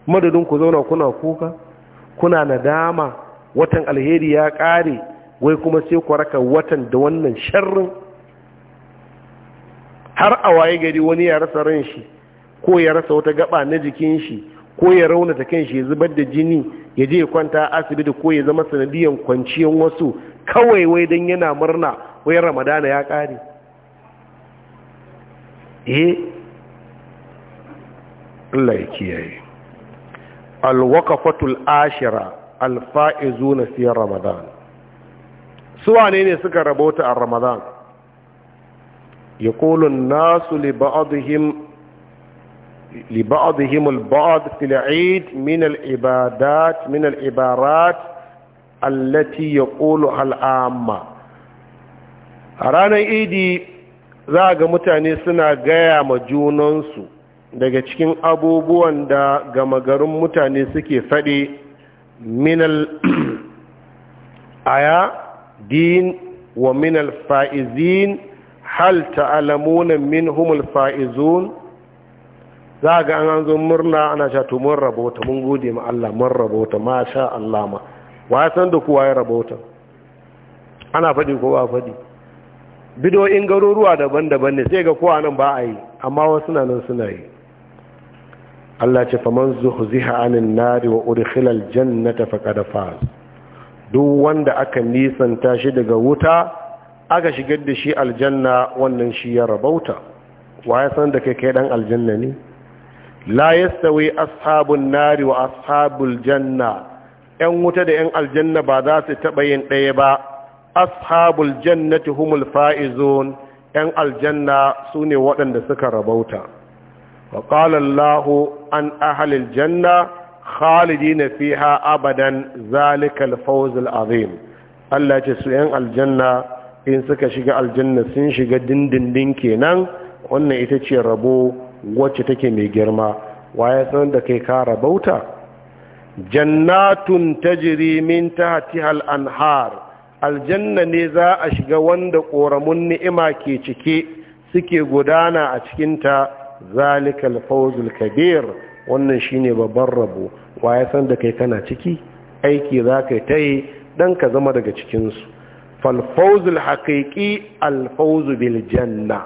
madadin ku zauna kuna kuka kuna nadama watan alheri ya ƙare wai kuma sai ku raka watan da wannan sharrin har a waye gari wani ya rasa ran shi ko ya rasa wata gaba na jikin shi ko ya raunata kan shi ya zubar da jini ya je kwanta asibiti ko ya zama sanadiyan kwanciyar wasu kawai wai don yana murna wai ramadana ya ƙare eh Allah ya kiyaye alwaqafatul ashira alfaizuna fi ramadan su wane ne suka rabota a ramadan yaqulu an-nasu li ba'dihim li ba'dihim al-ba'd fil 'eid min al-ibadat min al allati ya al-amma a ranar idi za ga mutane suna gaya ma junansu daga cikin abubuwan da gama garin mutane suke faɗi minal aya din wa minal fa'izin hal ta'alamuna min humul fa'izun za ga an zo murna ana sha to mun rabota mun gode ma Allah mun rabota ma sha Allah ma wa san da kuwa ya rabota ana faɗi ko ba faɗi bidoyin garuruwa daban-daban ne sai ga kowa nan ba a yi amma wasu na nan suna yi Allah ce fa man zuhziha anin nari wa udkhila aljannata faqad faz duk wanda aka nisanta shi daga wuta aka shigar da shi aljanna wannan shi ya rabauta wa san da kai kai dan aljanna ne la yastawi ashabun nari wa ashabul janna yan wuta da yan aljanna ba za su taɓa yin ɗaya ba ashabul jannati humul faizun yan aljanna su ne waɗanda suka rabauta wa qala Allahu an janna khalidina fiha abadan zalikal fawzul azim Allah ce su yan aljanna in suka shiga aljanna sun shiga dindindin kenan wannan ita ce rabo wacce take mai girma waye san da kai ka rabauta jannatun tajri min tahtiha al-anhar aljanna ne za a shiga wanda koramun ni'ima ke cike suke gudana a cikinta zalikal fawzul kabir wannan shine babban rabo wa ya san da kai kana ciki aiki za kai ta yi dan ka zama daga cikinsu fal fawzul haqiqi al bil janna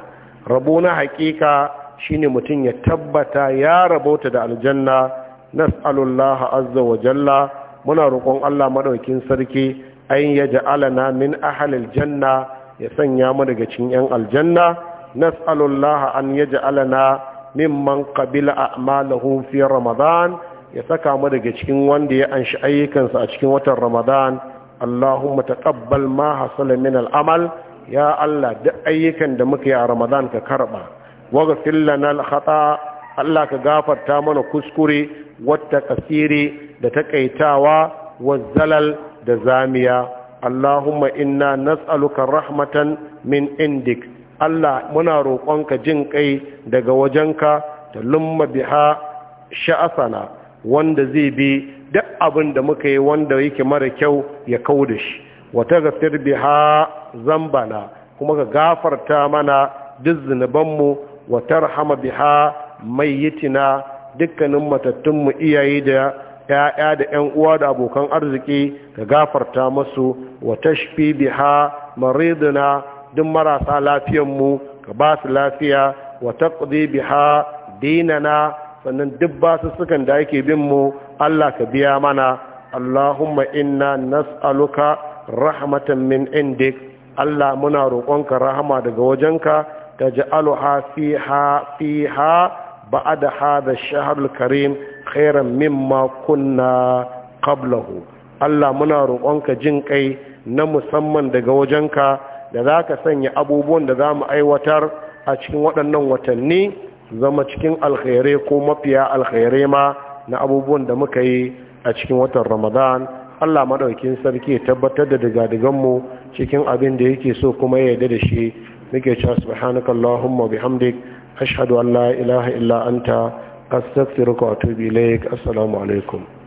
rabo na haƙiƙa shine mutum ya tabbata ya rabota da aljanna nas'alullaha azza wa jalla muna roƙon Allah madaukin sarki ayin ya ja'alana min ahlil janna ya sanya mu daga cikin yan aljanna nas'alullah an ya min man kabila a fi ramadan ya saka mu daga cikin wanda ya anshi ayyukansa a cikin watan ramadan allahumma taqabbal ma hasala min al'amal ya allah duk ayyukan da muka a ramadan ka karba Waga lana al-khata allah ka gafarta mana kuskure wata kasiri da takaitawa wazzalal da zamiya allahumma inna nas'aluka rahmatan min indik Allah muna roƙonka jin ƙai daga wajenka da lumma biha sha'asana wanda zai bi duk abin da muka yi wanda yake mara kyau ya kau da shi wata gafir biha zambana kuma ka gafarta mana duk zunubanmu wa tarhama biha mayyitina dukkanin matattunmu iyaye da ‘ya'ya da ‘yan uwa da abokan arziki ka gafarta masu wa tashfi biha maridina duk marasa mu ka ba su lafiya wa taqdi biha dinana sannan duk ba su sukan da ake bin mu Allah ka biya mana Allahumma inna nas'aluka rahmatan min indik Allah muna roƙonka rahama daga wajenka ha fiha fiha da hadha da shahrul karim khairan ma kunna qablahu Allah muna roƙonka jin kai na musamman daga wajenka da za ka sanya abubuwan da za mu aiwatar a cikin waɗannan watanni zama cikin alkhairai ko mafiya alkhairai ma na abubuwan da muka yi a cikin watan ramadan allah maɗaukin sarki tabbatar da dagadaganmu cikin abin da yake so kuma ya yarda da shi muke cewa subhanaka bihamdik ashhadu an la ilaha illa anta astaghfiruka wa atubu assalamu alaikum